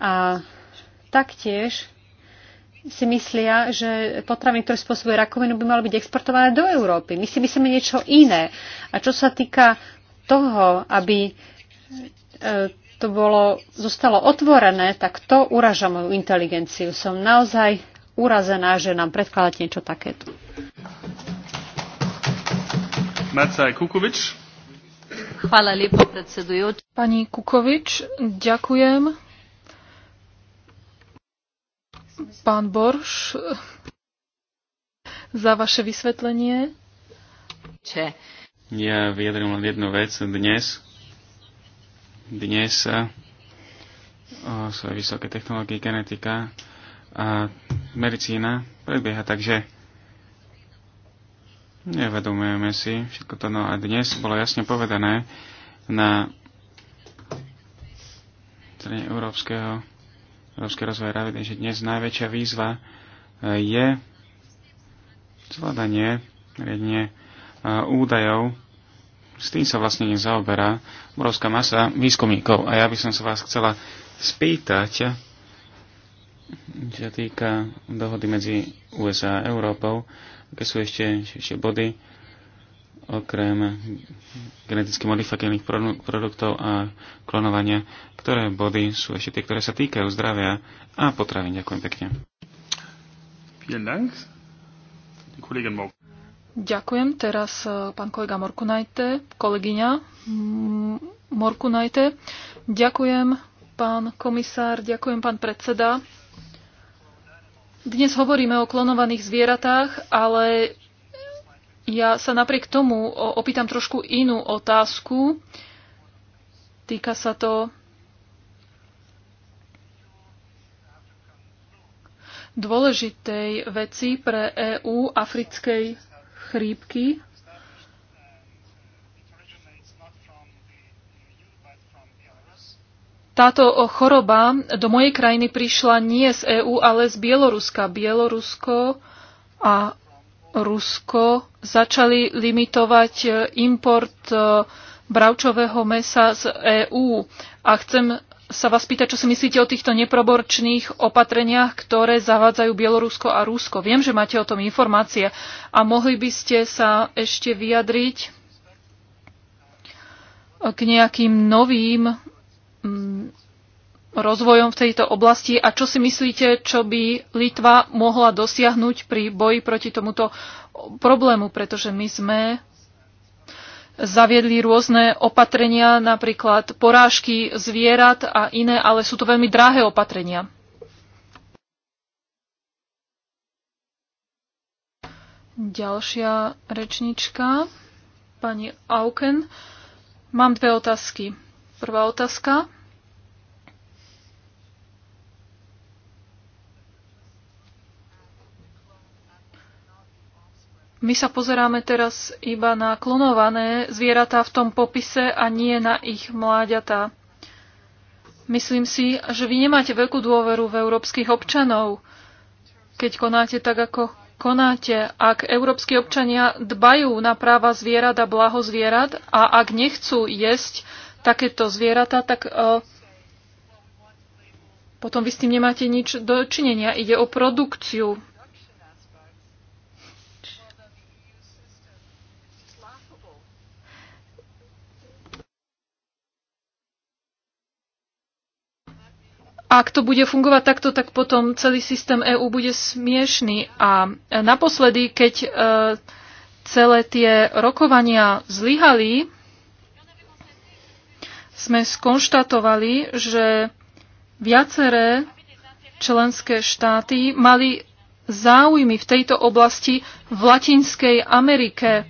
Speaker 3: a taktiež si myslia, že potraviny, ktoré spôsobuje rakovinu, by mali byť exportované do Európy. My si myslíme niečo iné. A čo sa týka toho, aby E, to bolo, zostalo otvorené, tak to uraža moju inteligenciu. Som naozaj urazená, že nám
Speaker 2: predkladať niečo takéto.
Speaker 1: Macaj Kukovič.
Speaker 2: Hvala lepo, predsedujúci. Pani Kukovič, ďakujem. Pán Borš, za vaše vysvetlenie. Če.
Speaker 1: Ja vyjadrím len jednu vec dnes dnes eh, o svojej vysoké technológie, genetika a medicína predbieha, takže nevedomujeme si všetko to. No a dnes bolo jasne povedané na strane Európskeho, Európskeho rozvoja rady, že dnes najväčšia výzva eh, je zvládanie riadne eh, údajov s tým sa vlastne nezaoberá obrovská masa výskumníkov. A ja by som sa vás chcela spýtať, čo týka dohody medzi USA a Európou, aké sú ešte ešte body, okrem geneticky modifikovaných produktov a klonovania, ktoré body sú ešte tie, ktoré sa týkajú zdravia a potravín. Ďakujem pekne. Vielen Dank. Die Kollegin Mauk.
Speaker 2: Ďakujem. Teraz e, pán kolega Morkunajte, kolegyňa Morkunajte. Ďakujem, pán komisár, ďakujem, pán predseda. Dnes hovoríme o klonovaných zvieratách, ale ja sa napriek tomu opýtam trošku inú otázku. Týka sa to dôležitej veci pre EÚ, africkej chrípky. Táto choroba do mojej krajiny prišla nie z EÚ, ale z Bieloruska. Bielorusko a Rusko začali limitovať eh, import eh, bravčového mesa z EÚ. A chcem sa vás pýtať, čo si myslíte o týchto neproborčných opatreniach, ktoré zavádzajú Bielorusko a Rusko. Viem, že máte o tom informácie a mohli by ste sa ešte vyjadriť k nejakým novým mm, rozvojom v tejto oblasti a čo si myslíte, čo by Litva mohla dosiahnuť pri boji proti tomuto problému, pretože my sme zaviedli rôzne opatrenia, napríklad porážky zvierat a iné, ale sú to veľmi drahé opatrenia. Ďalšia rečnička, pani Auken. Mám dve otázky. Prvá otázka. My sa pozeráme teraz iba na klonované zvieratá v tom popise a nie na ich mláďatá. Myslím si, že vy nemáte veľkú dôveru v európskych občanov, keď konáte tak, ako konáte. Ak európsky občania dbajú na práva zvierat a blaho zvierat a ak nechcú jesť takéto zvieratá, tak uh, potom vy s tým nemáte nič dočinenia. Ide o produkciu ak to bude fungovať takto, tak potom celý systém EÚ bude smiešný. A e, naposledy, keď e, celé tie rokovania zlyhali, sme skonštatovali, že viaceré členské štáty mali záujmy v tejto oblasti v Latinskej Amerike.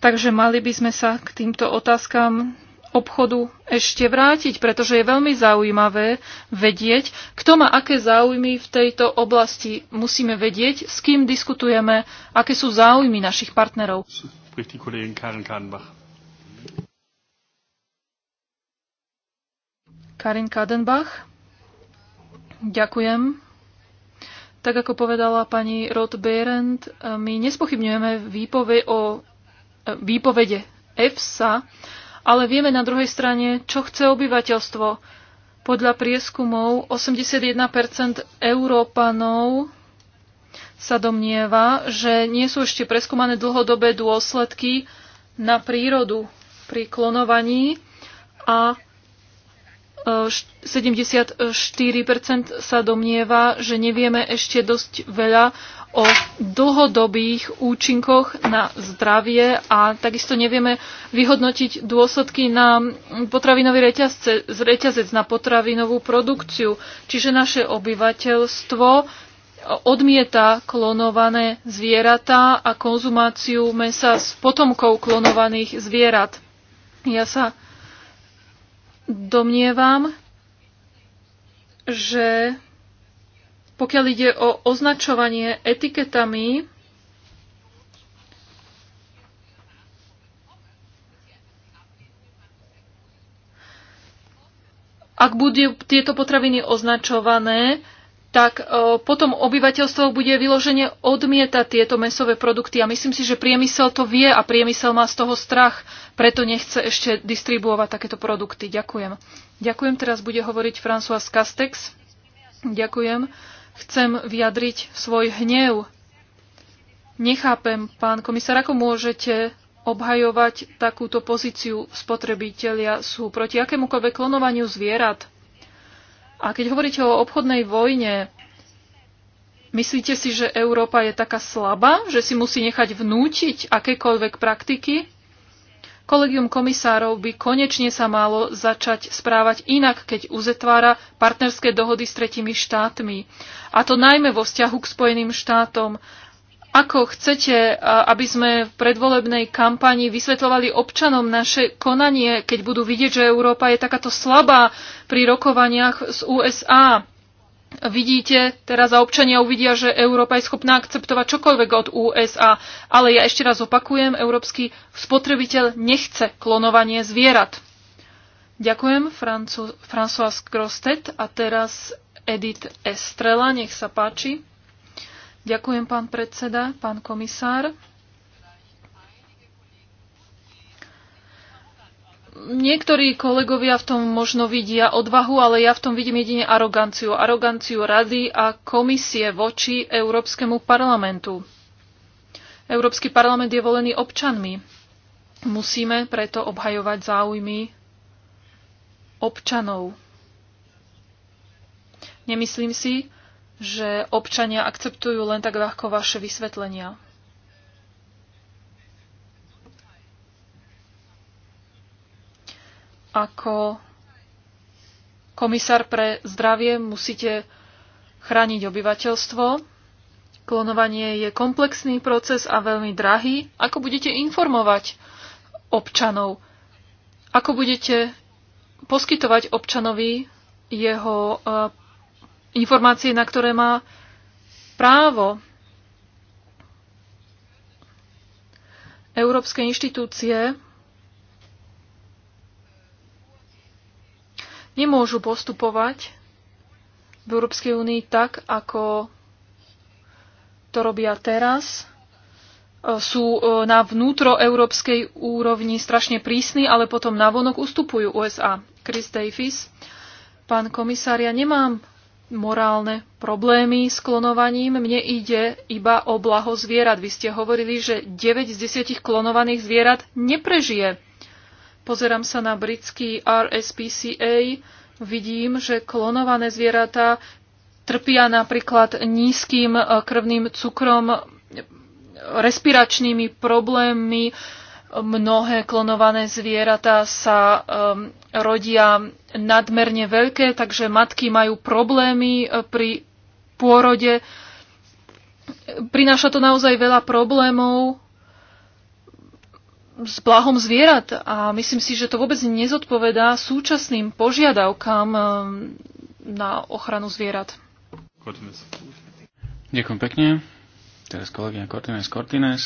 Speaker 2: Takže mali by sme sa k týmto otázkam obchodu ešte vrátiť, pretože je veľmi zaujímavé vedieť, kto má aké záujmy v tejto oblasti. Musíme vedieť, s kým diskutujeme, aké sú záujmy našich partnerov. Karin Kadenbach. Ďakujem. Tak ako povedala pani Roth Berend, my nespochybňujeme výpove o e, výpovede EFSA, ale vieme na druhej strane, čo chce obyvateľstvo. Podľa prieskumov 81 Európanov sa domnieva, že nie sú ešte preskúmané dlhodobé dôsledky na prírodu pri klonovaní a 74% e, sa domnieva, že nevieme ešte dosť veľa o dlhodobých účinkoch na zdravie a takisto nevieme vyhodnotiť dôsledky na potravinový reťazce, reťazec, na potravinovú produkciu. Čiže naše obyvateľstvo odmieta klonované zvieratá a konzumáciu mesa s potomkov klonovaných zvierat. Ja sa domnievam, že pokiaľ ide o označovanie etiketami, ak budú tieto potraviny označované, tak e, potom obyvateľstvo bude vyloženie odmietať tieto mesové produkty. A myslím si, že priemysel to vie a priemysel má z toho strach, preto nechce ešte distribuovať takéto produkty. Ďakujem. Ďakujem, teraz bude hovoriť François Castex. Ďakujem chcem vyjadriť svoj hnev. Nechápem, pán komisár, ako môžete obhajovať takúto pozíciu spotrebitelia sú proti akémukoľvek klonovaniu zvierat. A keď hovoríte o obchodnej vojne, myslíte si, že Európa je taká slabá, že si musí nechať vnútiť akékoľvek praktiky? Kolegium komisárov by konečne sa malo začať správať inak, keď uzetvára partnerské dohody s tretimi štátmi. A to najmä vo vzťahu k Spojeným štátom. Ako chcete, aby sme v predvolebnej kampani vysvetľovali občanom naše konanie, keď budú vidieť, že Európa je takáto slabá pri rokovaniach z USA? vidíte, teraz a občania uvidia, že Európa je schopná akceptovať čokoľvek od USA. Ale ja ešte raz opakujem, európsky spotrebiteľ nechce klonovanie zvierat. Ďakujem, François Grostet. A teraz Edith Estrela, nech sa páči. Ďakujem, pán predseda, pán komisár. Niektorí kolegovia v tom možno vidia odvahu, ale ja v tom vidím jedine aroganciu. Aroganciu rady a komisie voči Európskemu parlamentu. Európsky parlament je volený občanmi. Musíme preto obhajovať záujmy občanov. Nemyslím si, že občania akceptujú len tak ľahko vaše vysvetlenia. ako komisár pre zdravie musíte chrániť obyvateľstvo. Klonovanie je komplexný proces a veľmi drahý. Ako budete informovať občanov? Ako budete poskytovať občanovi jeho uh, informácie, na ktoré má právo? Európske inštitúcie nemôžu postupovať v Európskej únii tak, ako to robia teraz. E, sú e, na vnútroeurópskej úrovni strašne prísni, ale potom vonok ustupujú USA. Chris Davis, pán komisár, ja nemám morálne problémy s klonovaním. Mne ide iba o blaho zvierat. Vy ste hovorili, že 9 z 10 klonovaných zvierat neprežije. Pozerám sa na britský RSPCA, vidím, že klonované zvieratá trpia napríklad nízkym eh, krvným cukrom, respiračnými problémmi. Mnohé klonované zvieratá sa um, rodia nadmerne veľké, takže matky majú problémy eh, pri pôrode. Prináša to naozaj veľa problémov s blahom zvierat a myslím si, že to vôbec nezodpovedá súčasným požiadavkám eh, na ochranu zvierat.
Speaker 1: Cortines. Ďakujem pekne. Teraz kolegyňa Cortines Cortines.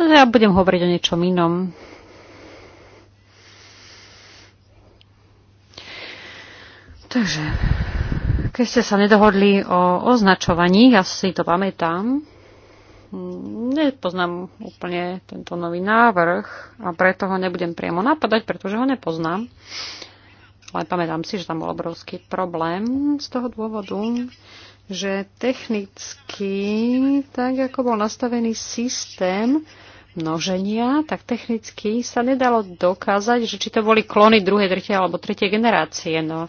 Speaker 2: Ja budem
Speaker 3: hovoriť o niečom inom. Takže, keď ste sa nedohodli o označovaní, ja si to pamätám, nepoznám úplne tento nový návrh a preto ho nebudem priamo napadať, pretože ho nepoznám. Ale pamätám si, že tam bol obrovský problém z toho dôvodu, že technicky, tak ako bol nastavený systém množenia, tak technicky sa nedalo dokázať, že či to boli klony druhej, tretej alebo tretej generácie. No,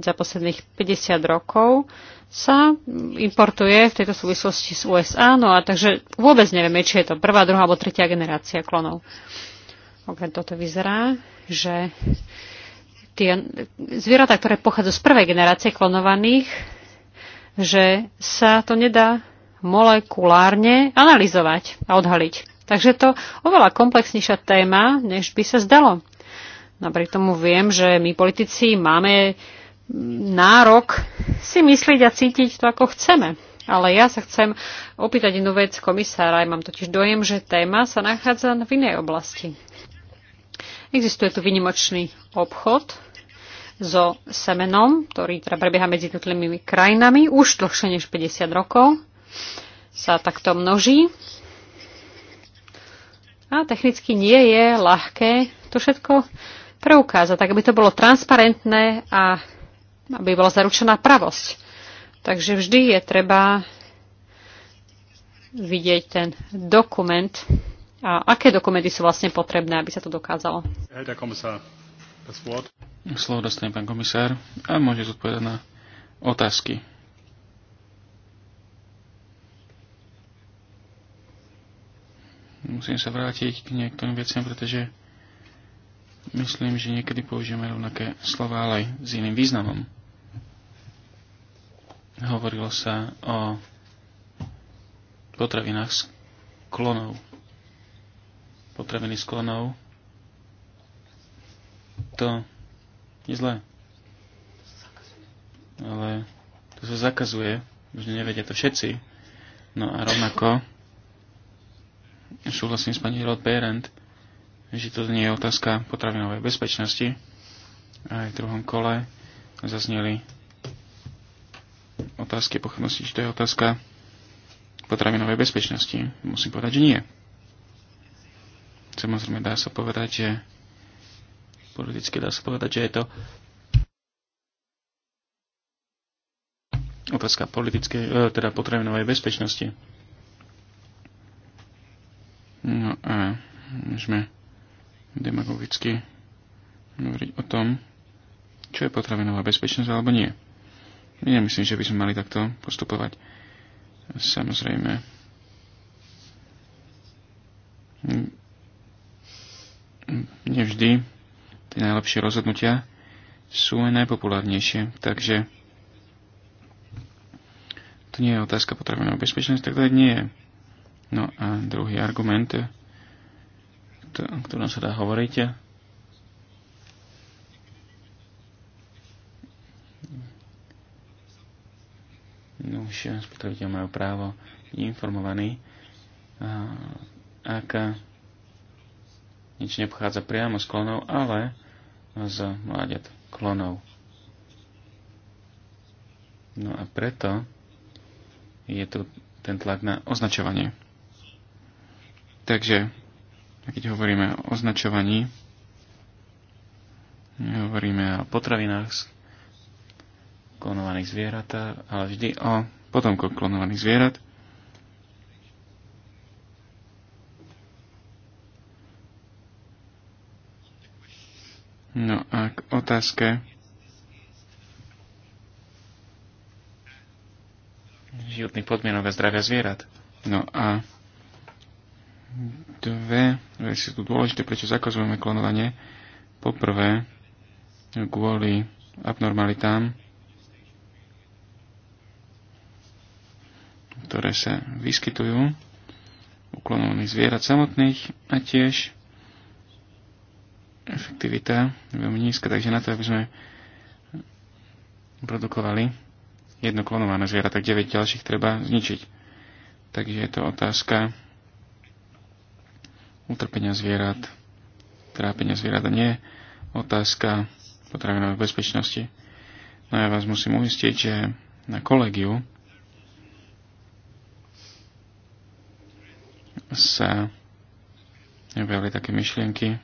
Speaker 3: za posledných 50 rokov sa importuje v tejto súvislosti z USA. No a takže vôbec nevieme, či je to prvá, druhá alebo tretia generácia klonov. Okrem toto vyzerá, že tie zvieratá, ktoré pochádzajú z prvej generácie klonovaných, že sa to nedá molekulárne analyzovať a odhaliť. Takže to oveľa komplexnejšia téma, než by sa zdalo. Napriek tomu viem, že my politici máme nárok si myslieť a cítiť to, ako chceme. Ale ja sa chcem opýtať jednu vec komisára. Ja mám totiž dojem, že téma sa nachádza v inej oblasti. Existuje tu vynimočný obchod so semenom, ktorý teda prebieha medzi jednotlivými krajinami už dlhšie než 50 rokov. Sa takto množí. A technicky nie je ľahké to všetko preukázať, tak aby to bolo transparentné a aby bola zaručená pravosť. Takže vždy je treba vidieť ten dokument a aké dokumenty sú vlastne potrebné, aby sa to dokázalo.
Speaker 1: Slovo dostane pán komisár a môže zodpovedať na otázky. Musím sa vrátiť k niektorým veciam, pretože Myslím, že niekedy použijeme rovnaké slova, ale aj s iným významom. Hovorilo sa o potravinách z klonov. Potraviny z klonov. To je zlé. Ale to sa zakazuje. Už nevedia to všetci. No a rovnako súhlasím s pani Rod Berendt, že to nie je otázka potravinovej bezpečnosti. Aj v druhom kole zazneli otázky pochybnosti, či to je otázka potravinovej bezpečnosti. Musím povedať, že nie. Samozrejme, dá sa povedať, že politicky dá sa povedať, že je to otázka politické, e, teda potravinovej bezpečnosti. No a môžeme demagogicky hovoriť o tom, čo je potravinová bezpečnosť alebo nie. Ja nemyslím, že by sme mali takto postupovať. Samozrejme. Nevždy tie najlepšie rozhodnutia sú aj najpopulárnejšie, takže to nie je otázka potravinovej bezpečnosti, tak to nie je. No a druhý argument, o ktorom sa dá hovoriť. No už spotrebiteľ majú právo byť informovaný. Ak nič nepochádza priamo z klonov, ale z mláďat klonov. No a preto je tu ten tlak na označovanie. Takže a keď hovoríme o označovaní, hovoríme o potravinách klonovaných zvierat, ale vždy o potomkoch klonovaných zvierat. No a k otázke životných podmienok a zdravia zvierat. No a dve veci sú dôležité, prečo zakazujeme klonovanie. Poprvé, kvôli abnormalitám, ktoré sa vyskytujú u klonovaných zvierat samotných a tiež efektivita je veľmi nízka, takže na to, aby sme produkovali jedno klonované zviera, tak 9 ďalších treba zničiť. Takže je to otázka utrpenia zvierat, trápenia zvierat a nie otázka potravinovej bezpečnosti. No ja vás musím uistiť, že na kolegiu sa objavili také myšlienky,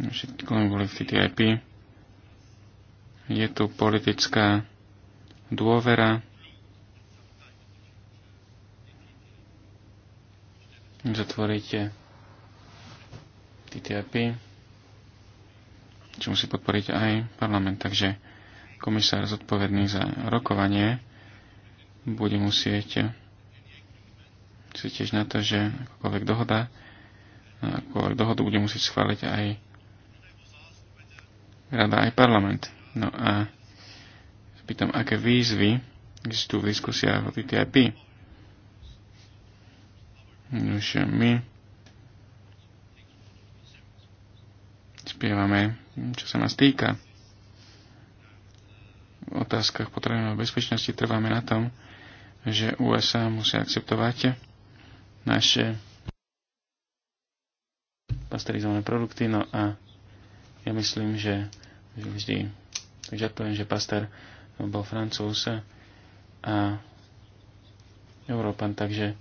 Speaker 1: všetky klamy boli v TTIP. Je tu politická dôvera, zatvoríte TTIP, čo musí podporiť aj parlament. Takže komisár zodpovedný za rokovanie bude musieť si tiež na to, že akokoľvek dohoda, akokoľvek dohodu bude musieť schváliť aj rada, aj parlament. No a spýtam, aké výzvy existujú v diskusiách o TTIP už my spievame, čo sa nás týka. V otázkach potrebnej bezpečnosti trváme na tom, že USA musia akceptovať naše pasterizované produkty. No a ja myslím, že vždy žartujem, že paster bol francúz a Európan, takže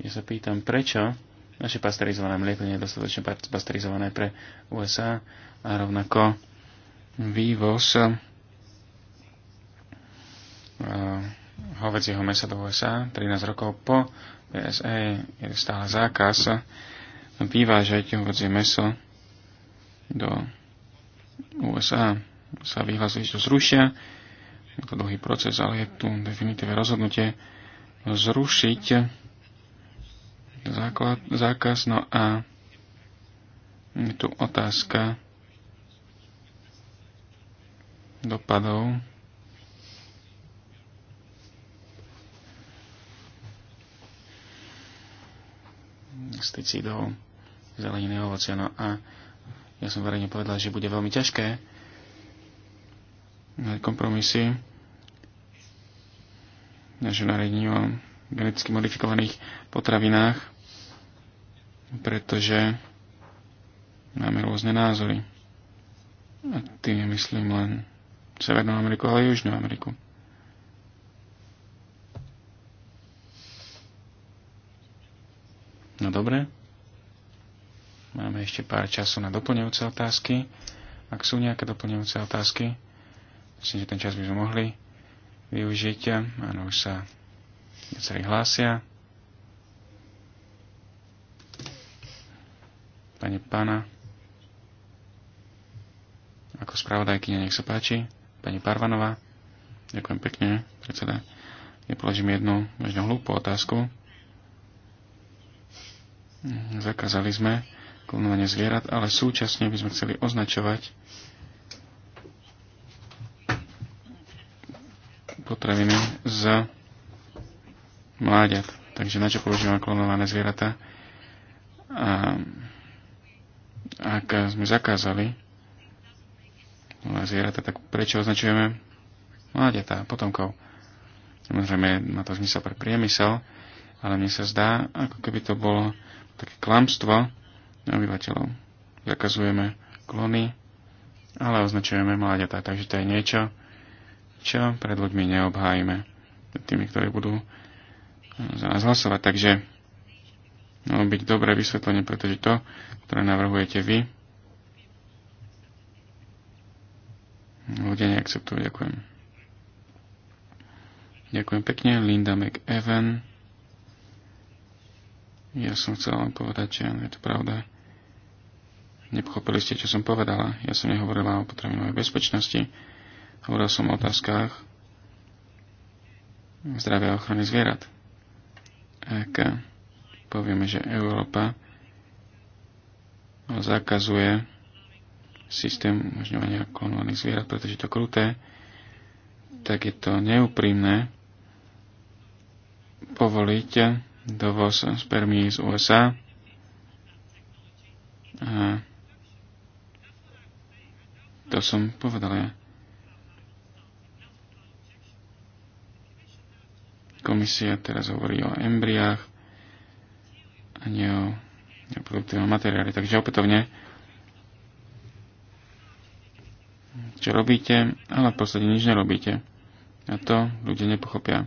Speaker 1: ja sa pýtam, prečo naše pasterizované mlieko nie je dostatočne pasterizované pre USA a rovnako vývoz eh, hovedzieho mesa do USA 13 rokov po USA je stále zákaz vyvážať hovedzie meso do USA. Sa vyhlásili, že to zrušia. Je to dlhý proces, ale je tu definitívne rozhodnutie zrušiť základ, zákaz. No a je tu otázka dopadov. pesticídov, zeleniny, ovocia. No a ja som verejne povedal, že bude veľmi ťažké kompromisy naše nariadenie geneticky modifikovaných potravinách, pretože máme rôzne názory. A tým myslím len Severnú Ameriku, ale aj Južnú Ameriku. No dobre. Máme ešte pár času na doplňujúce otázky. Ak sú nejaké doplňujúce otázky, myslím, že ten čas by sme mohli využiť. Áno, už sa sa hlásia. Pane pána, ako spravodajkyňa, nech sa páči. Pani Parvanová, ďakujem pekne, predseda. Ja položím jednu možno hlúpu otázku. Zakázali sme klonovanie zvierat, ale súčasne by sme chceli označovať potraviny z mláďat. Takže na čo používame klonované zvieratá? A ak sme zakázali zvieratá, tak prečo označujeme mláďatá, potomkov? Samozrejme, má to zmysel pre priemysel, ale mne sa zdá, ako keby to bolo také klamstvo obyvateľov. Zakazujeme klony, ale označujeme mláďatá, takže to je niečo, čo pred ľuďmi neobhájime. Tými, ktorí budú za nás hlasovať. Takže malo byť dobré vysvetlenie, pretože to, ktoré navrhujete vy, ľudia neakceptujú. Ďakujem. Ďakujem pekne. Linda McEwen. Ja som chcel len povedať, že je to pravda. Nepochopili ste, čo som povedala. Ja som nehovorila o potravinovej bezpečnosti. Hovoril som o otázkach zdravia a ochrany zvierat ak povieme, že Európa zakazuje systém umožňovania klonovaných zvierat, pretože je to kruté, tak je to neúprimné povoliť dovoz spermí z USA a to som povedal ja. Komisia teraz hovorí o embriách a nie o reproduktívnom materiáli. Takže opätovne, čo robíte, ale v podstate nič nerobíte. A to ľudia nepochopia.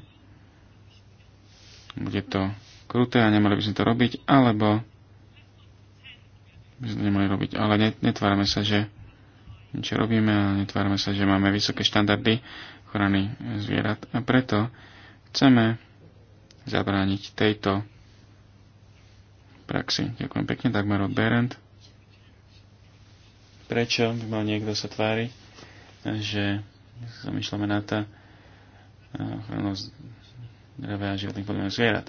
Speaker 1: Bude to kruté a nemali by sme to robiť, alebo by sme to nemali robiť. Ale netvárame sa, že niečo robíme a netvárame sa, že máme vysoké štandardy ochrany zvierat a preto chceme zabrániť tejto praxi. Ďakujem pekne, takmer od Berend. Prečo by mal niekto sa tváriť, že zamýšľame na to eh, ochranu zdravia a životných podmienok zvierat?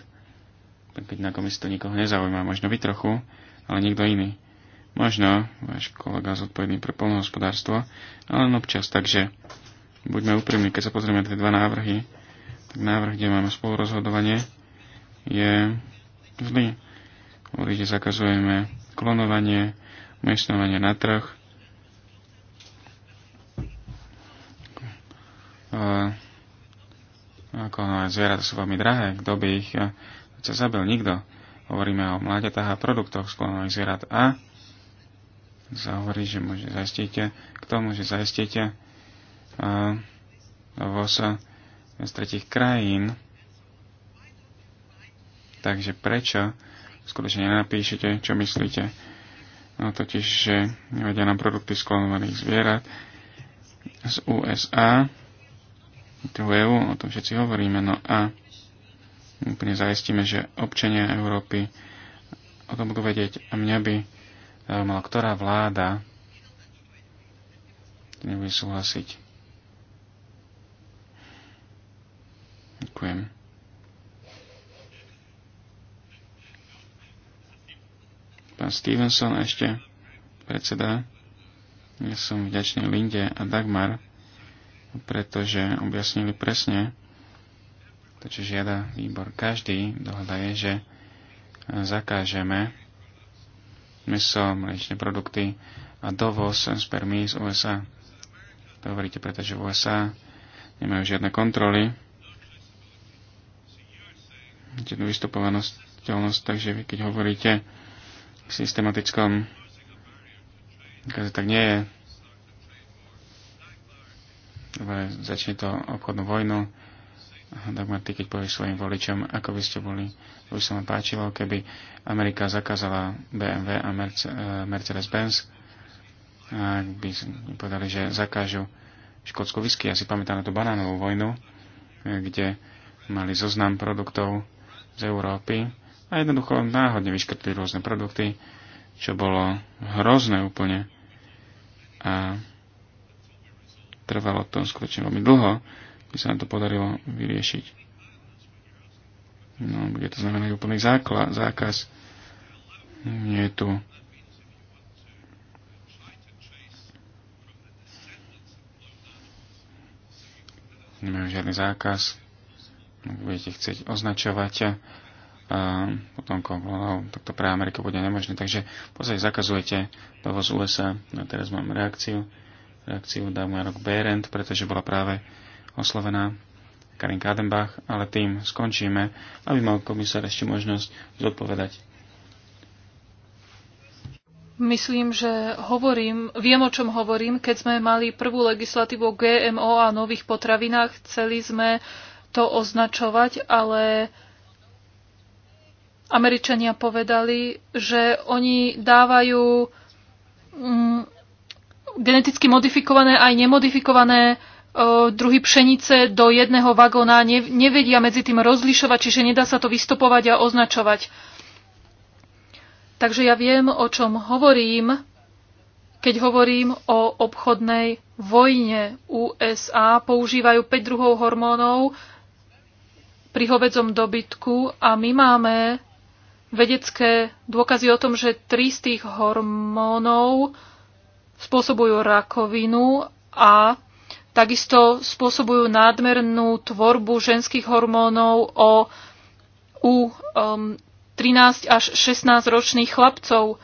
Speaker 1: Keď na komisii to nikoho nezaujíma, možno vy trochu, ale niekto iný. Možno váš kolega zodpovedný pre polnohospodárstvo, ale len občas. Takže buďme úprimní, keď sa pozrieme na tie dva návrhy, návrh, kde máme spolurozhodovanie, je zlý. Hovorí, zakazujeme klonovanie, umiestňovanie na trh, klonové zvieratá sú veľmi drahé, kto by ich eh, sa zabil, nikto. Hovoríme o mláďatách a produktoch z klonových zvierat a Zahovorí, že môže zaistiť, kto môže zaistiť eh, voz eh, z tretich krajín. Takže prečo skutočne nenapíšete, čo myslíte? No, totiž, že nevedia nám produkty sklonovaných zvierat z USA, tu EU, o tom všetci hovoríme, no a úplne zaistíme, že občania Európy o tom budú vedieť a mňa by zaujímalo, ktorá vláda nebude súhlasiť Ďakujem. Pán Stevenson ešte predseda. Ja som vďačný Linde a Dagmar, pretože objasnili presne to, čo žiada výbor každý. Dohoda je, že zakážeme meso, mliečne produkty a dovoz spermí z USA. To hovoríte, pretože v USA nemajú žiadne kontroly jednu vystupovanosť, takže vy keď hovoríte k systematickom, tak nie je. Dobre, začne to obchodnú vojnu. Dagmar, ty keď povieš svojim voličom, ako by ste boli, už sa vám páčilo, keby Amerika zakázala BMW a e, Mercedes-Benz, ak by mi povedali, že zakážu škótsku whisky. Ja si pamätám na tú banánovú vojnu, e, kde mali zoznam produktov, z Európy a jednoducho náhodne vyškrtli rôzne produkty, čo bolo hrozné úplne. A trvalo to skutočne veľmi dlho, by sa nám to podarilo vyriešiť. No, bude to znamená úplný základ, zákaz. Nie je tu nemajú žiadny zákaz budete chcieť označovať potomkov klonov, tak to pre Ameriku bude nemožné. Takže pozaj zakazujete dovoz USA. No, teraz mám reakciu. Reakciu dá môj rok Berend, pretože bola práve oslovená Karin Kadenbach, ale tým skončíme, aby mal komisár ešte možnosť zodpovedať.
Speaker 2: Myslím, že hovorím, viem o čom hovorím, keď sme mali prvú legislatívu o GMO a nových potravinách, chceli sme to označovať, ale Američania povedali, že oni dávajú mm, geneticky modifikované aj nemodifikované e, druhy pšenice do jedného vagóna, ne, nevedia medzi tým rozlišovať, čiže nedá sa to vystopovať a označovať. Takže ja viem, o čom hovorím, keď hovorím o obchodnej vojne. USA používajú 5 druhov hormónov pri hovedzom dobytku a my máme vedecké dôkazy o tom, že tri z tých hormónov spôsobujú rakovinu a takisto spôsobujú nádmernú tvorbu ženských hormónov o, u um, 13 až 16 ročných chlapcov.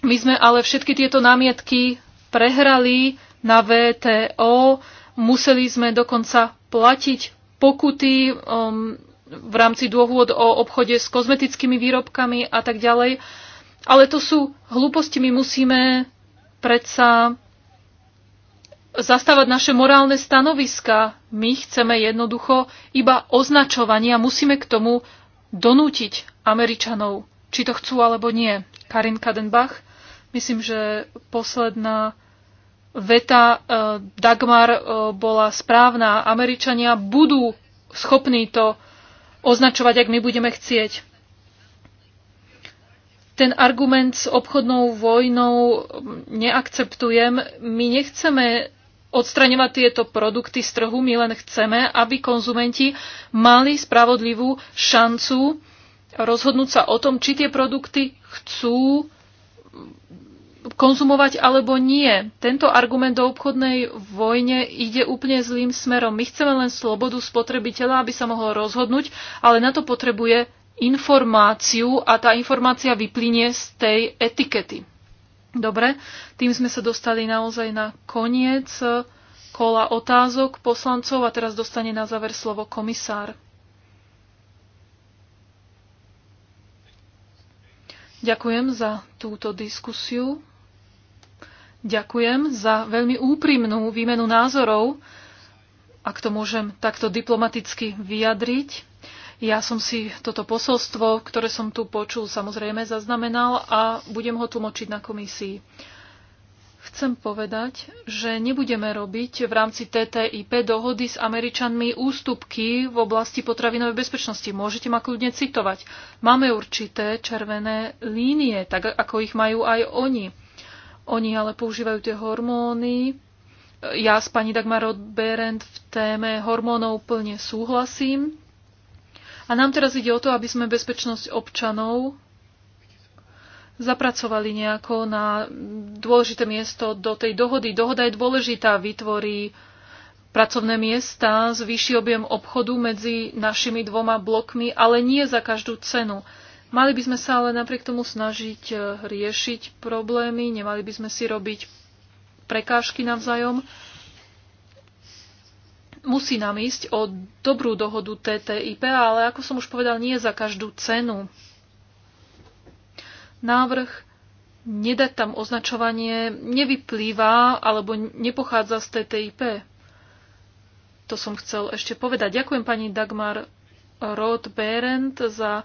Speaker 2: My sme ale všetky tieto námietky prehrali na VTO, museli sme dokonca platiť pokuty um, v rámci dôvod o obchode s kozmetickými výrobkami a tak ďalej. Ale to sú hlúposti. My musíme predsa zastávať naše morálne stanoviska. My chceme jednoducho iba označovanie a musíme k tomu donútiť Američanov, či to chcú alebo nie. Karin Kadenbach, myslím, že posledná veta e, Dagmar e, bola správna. Američania budú schopní to označovať, ak my budeme chcieť. Ten argument s obchodnou vojnou neakceptujem. My nechceme odstraňovať tieto produkty z trhu, my len chceme, aby konzumenti mali spravodlivú šancu rozhodnúť sa o tom, či tie produkty chcú konzumovať alebo nie. Tento argument do obchodnej vojne ide úplne zlým smerom. My chceme len slobodu spotrebiteľa, aby sa mohol rozhodnúť, ale na to potrebuje informáciu a tá informácia vyplynie z tej etikety. Dobre, tým sme sa dostali naozaj na koniec eh, kola otázok poslancov a teraz dostane na záver slovo komisár. Ďakujem za túto diskusiu. Ďakujem za veľmi úprimnú výmenu názorov, ak to môžem takto diplomaticky vyjadriť. Ja som si toto posolstvo, ktoré som tu počul, samozrejme zaznamenal a budem ho tlmočiť na komisii. Chcem povedať, že nebudeme robiť v rámci TTIP dohody s Američanmi ústupky v oblasti potravinovej bezpečnosti. Môžete ma kľudne citovať. Máme určité červené línie, tak ako ich majú aj oni. Oni ale používajú tie hormóny. Ja s pani Dagmar Berend v téme hormónov plne súhlasím. A nám teraz ide o to, aby sme bezpečnosť občanov zapracovali nejako na dôležité miesto do tej dohody. Dohoda je dôležitá, vytvorí pracovné miesta, zvýši objem obchodu medzi našimi dvoma blokmi, ale nie za každú cenu. Mali by sme sa ale napriek tomu snažiť e, riešiť problémy, nemali by sme si robiť prekážky navzájom. Musí nám ísť o dobrú dohodu TTIP, ale ako som už povedal, nie za každú cenu. Návrh nedať tam označovanie nevyplýva alebo nepochádza z TTIP. To som chcel ešte povedať. Ďakujem pani Dagmar Roth-Berendt za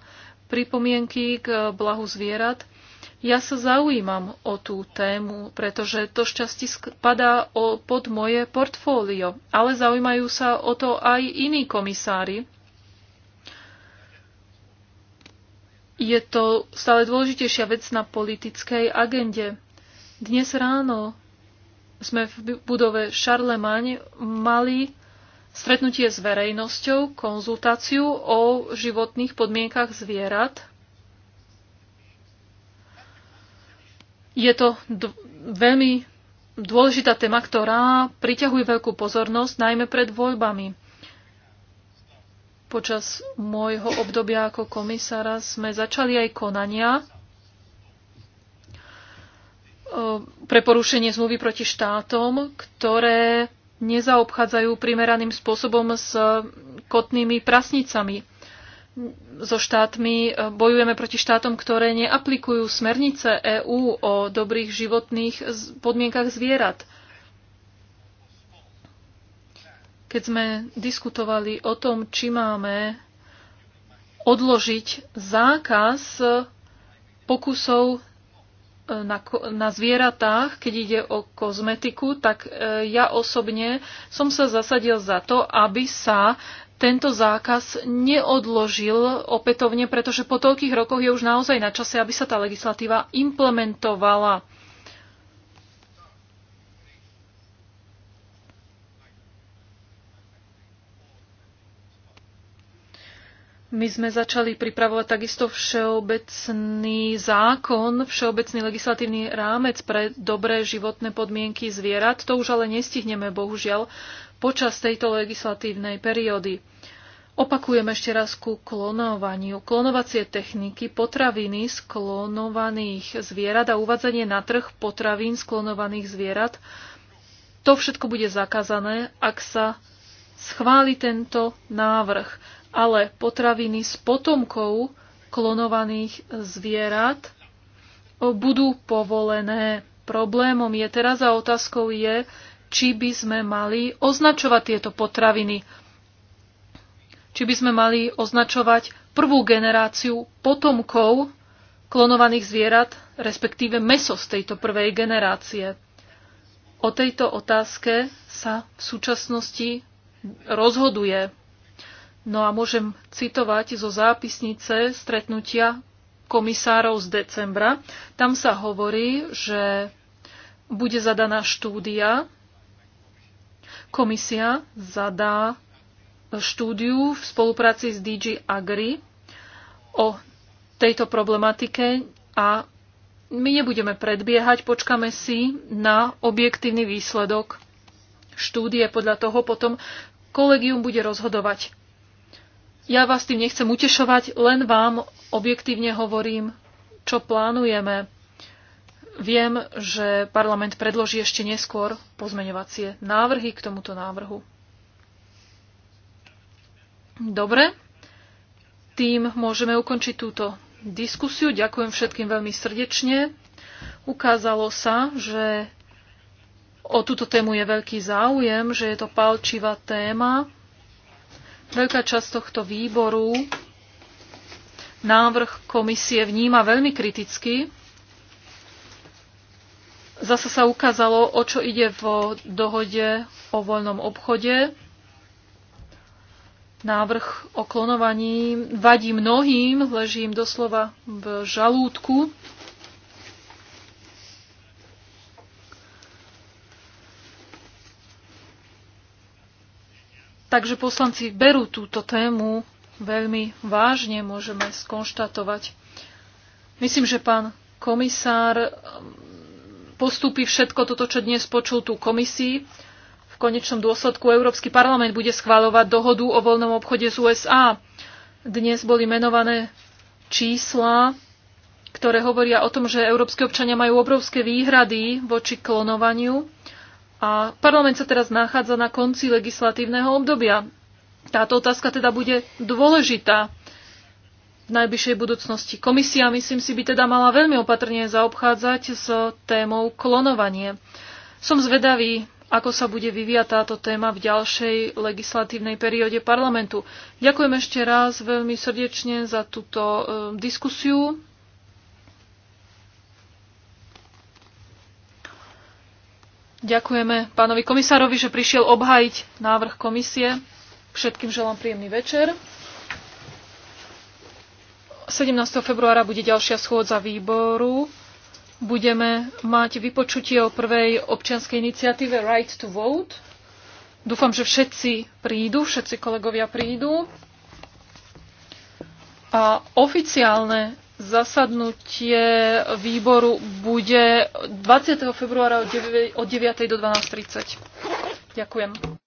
Speaker 2: pripomienky k blahu zvierat. Ja sa zaujímam o tú tému, pretože to šťastie spadá pod moje portfólio, ale zaujímajú sa o to aj iní komisári. Je to stále dôležitejšia vec na politickej agende. Dnes ráno sme v budove Charlemagne mali stretnutie s verejnosťou, konzultáciu o životných podmienkach zvierat. Je to veľmi dôležitá téma, ktorá priťahuje veľkú pozornosť, najmä pred voľbami. Počas môjho obdobia ako komisára sme začali aj konania e, pre porušenie zmluvy proti štátom, ktoré nezaobchádzajú primeraným spôsobom s e, kotnými prasnicami. So štátmi e, bojujeme proti štátom, ktoré neaplikujú smernice EÚ o dobrých životných podmienkach zvierat. Keď sme diskutovali o tom, či máme odložiť zákaz pokusov na, na zvieratách, keď ide o kozmetiku, tak e, ja osobne som sa zasadil za to, aby sa tento zákaz neodložil opätovne, pretože po toľkých rokoch je už naozaj na čase, aby sa tá legislatíva implementovala. My sme začali pripravovať takisto všeobecný zákon, všeobecný legislatívny rámec pre dobré životné podmienky zvierat. To už ale nestihneme, bohužiaľ, počas tejto legislatívnej periódy. Opakujem ešte raz ku klonovaniu. Klonovacie techniky potraviny z klonovaných zvierat a uvádzanie na trh potravín z klonovaných zvierat. To všetko bude zakázané, ak sa schváli tento návrh ale potraviny z potomkov klonovaných zvierat budú povolené. Problémom je teraz a otázkou je, či by sme mali označovať tieto potraviny. Či by sme mali označovať prvú generáciu potomkov klonovaných zvierat, respektíve meso z tejto prvej generácie. O tejto otázke sa v súčasnosti rozhoduje No a môžem citovať zo zápisnice stretnutia komisárov z decembra. Tam sa hovorí, že bude zadaná štúdia. Komisia zadá štúdiu v spolupráci s DG Agri o tejto problematike a my nebudeme predbiehať, počkame si na objektívny výsledok štúdie. Podľa toho potom kolegium bude rozhodovať. Ja vás tým nechcem utešovať, len vám objektívne hovorím, čo plánujeme. Viem, že parlament predloží ešte neskôr pozmeňovacie návrhy k tomuto návrhu. Dobre, tým môžeme ukončiť túto diskusiu. Ďakujem všetkým veľmi srdečne. Ukázalo sa, že o túto tému je veľký záujem, že je to palčivá téma. Veľká časť tohto výboru návrh komisie vníma veľmi kriticky. Zase sa ukázalo, o čo ide v dohode o voľnom obchode. Návrh o klonovaní vadí mnohým, leží im doslova v žalúdku. Takže poslanci berú túto tému veľmi vážne, môžeme skonštatovať. Myslím, že pán komisár um, postupí všetko toto, čo dnes počul tú komisii. V konečnom dôsledku Európsky parlament bude schváľovať dohodu o voľnom obchode z USA. Dnes boli menované čísla, ktoré hovoria o tom, že európske občania majú obrovské výhrady voči klonovaniu a parlament sa teraz nachádza na konci legislatívneho obdobia. Táto otázka teda bude dôležitá v najbližšej budúcnosti. Komisia, myslím si, by teda mala veľmi opatrne zaobchádzať s témou klonovanie. Som zvedavý, ako sa bude vyvíjať táto téma v ďalšej legislatívnej perióde parlamentu. Ďakujem ešte raz veľmi srdečne za túto e, diskusiu. Ďakujeme pánovi komisárovi, že prišiel obhajiť návrh komisie. Všetkým želám príjemný večer. 17. februára bude ďalšia schôdza výboru. Budeme mať vypočutie o prvej občianskej iniciatíve Right to Vote. Dúfam, že všetci prídu, všetci kolegovia prídu. A oficiálne Zasadnutie výboru bude 20. februára od 9. do 12.30. Ďakujem.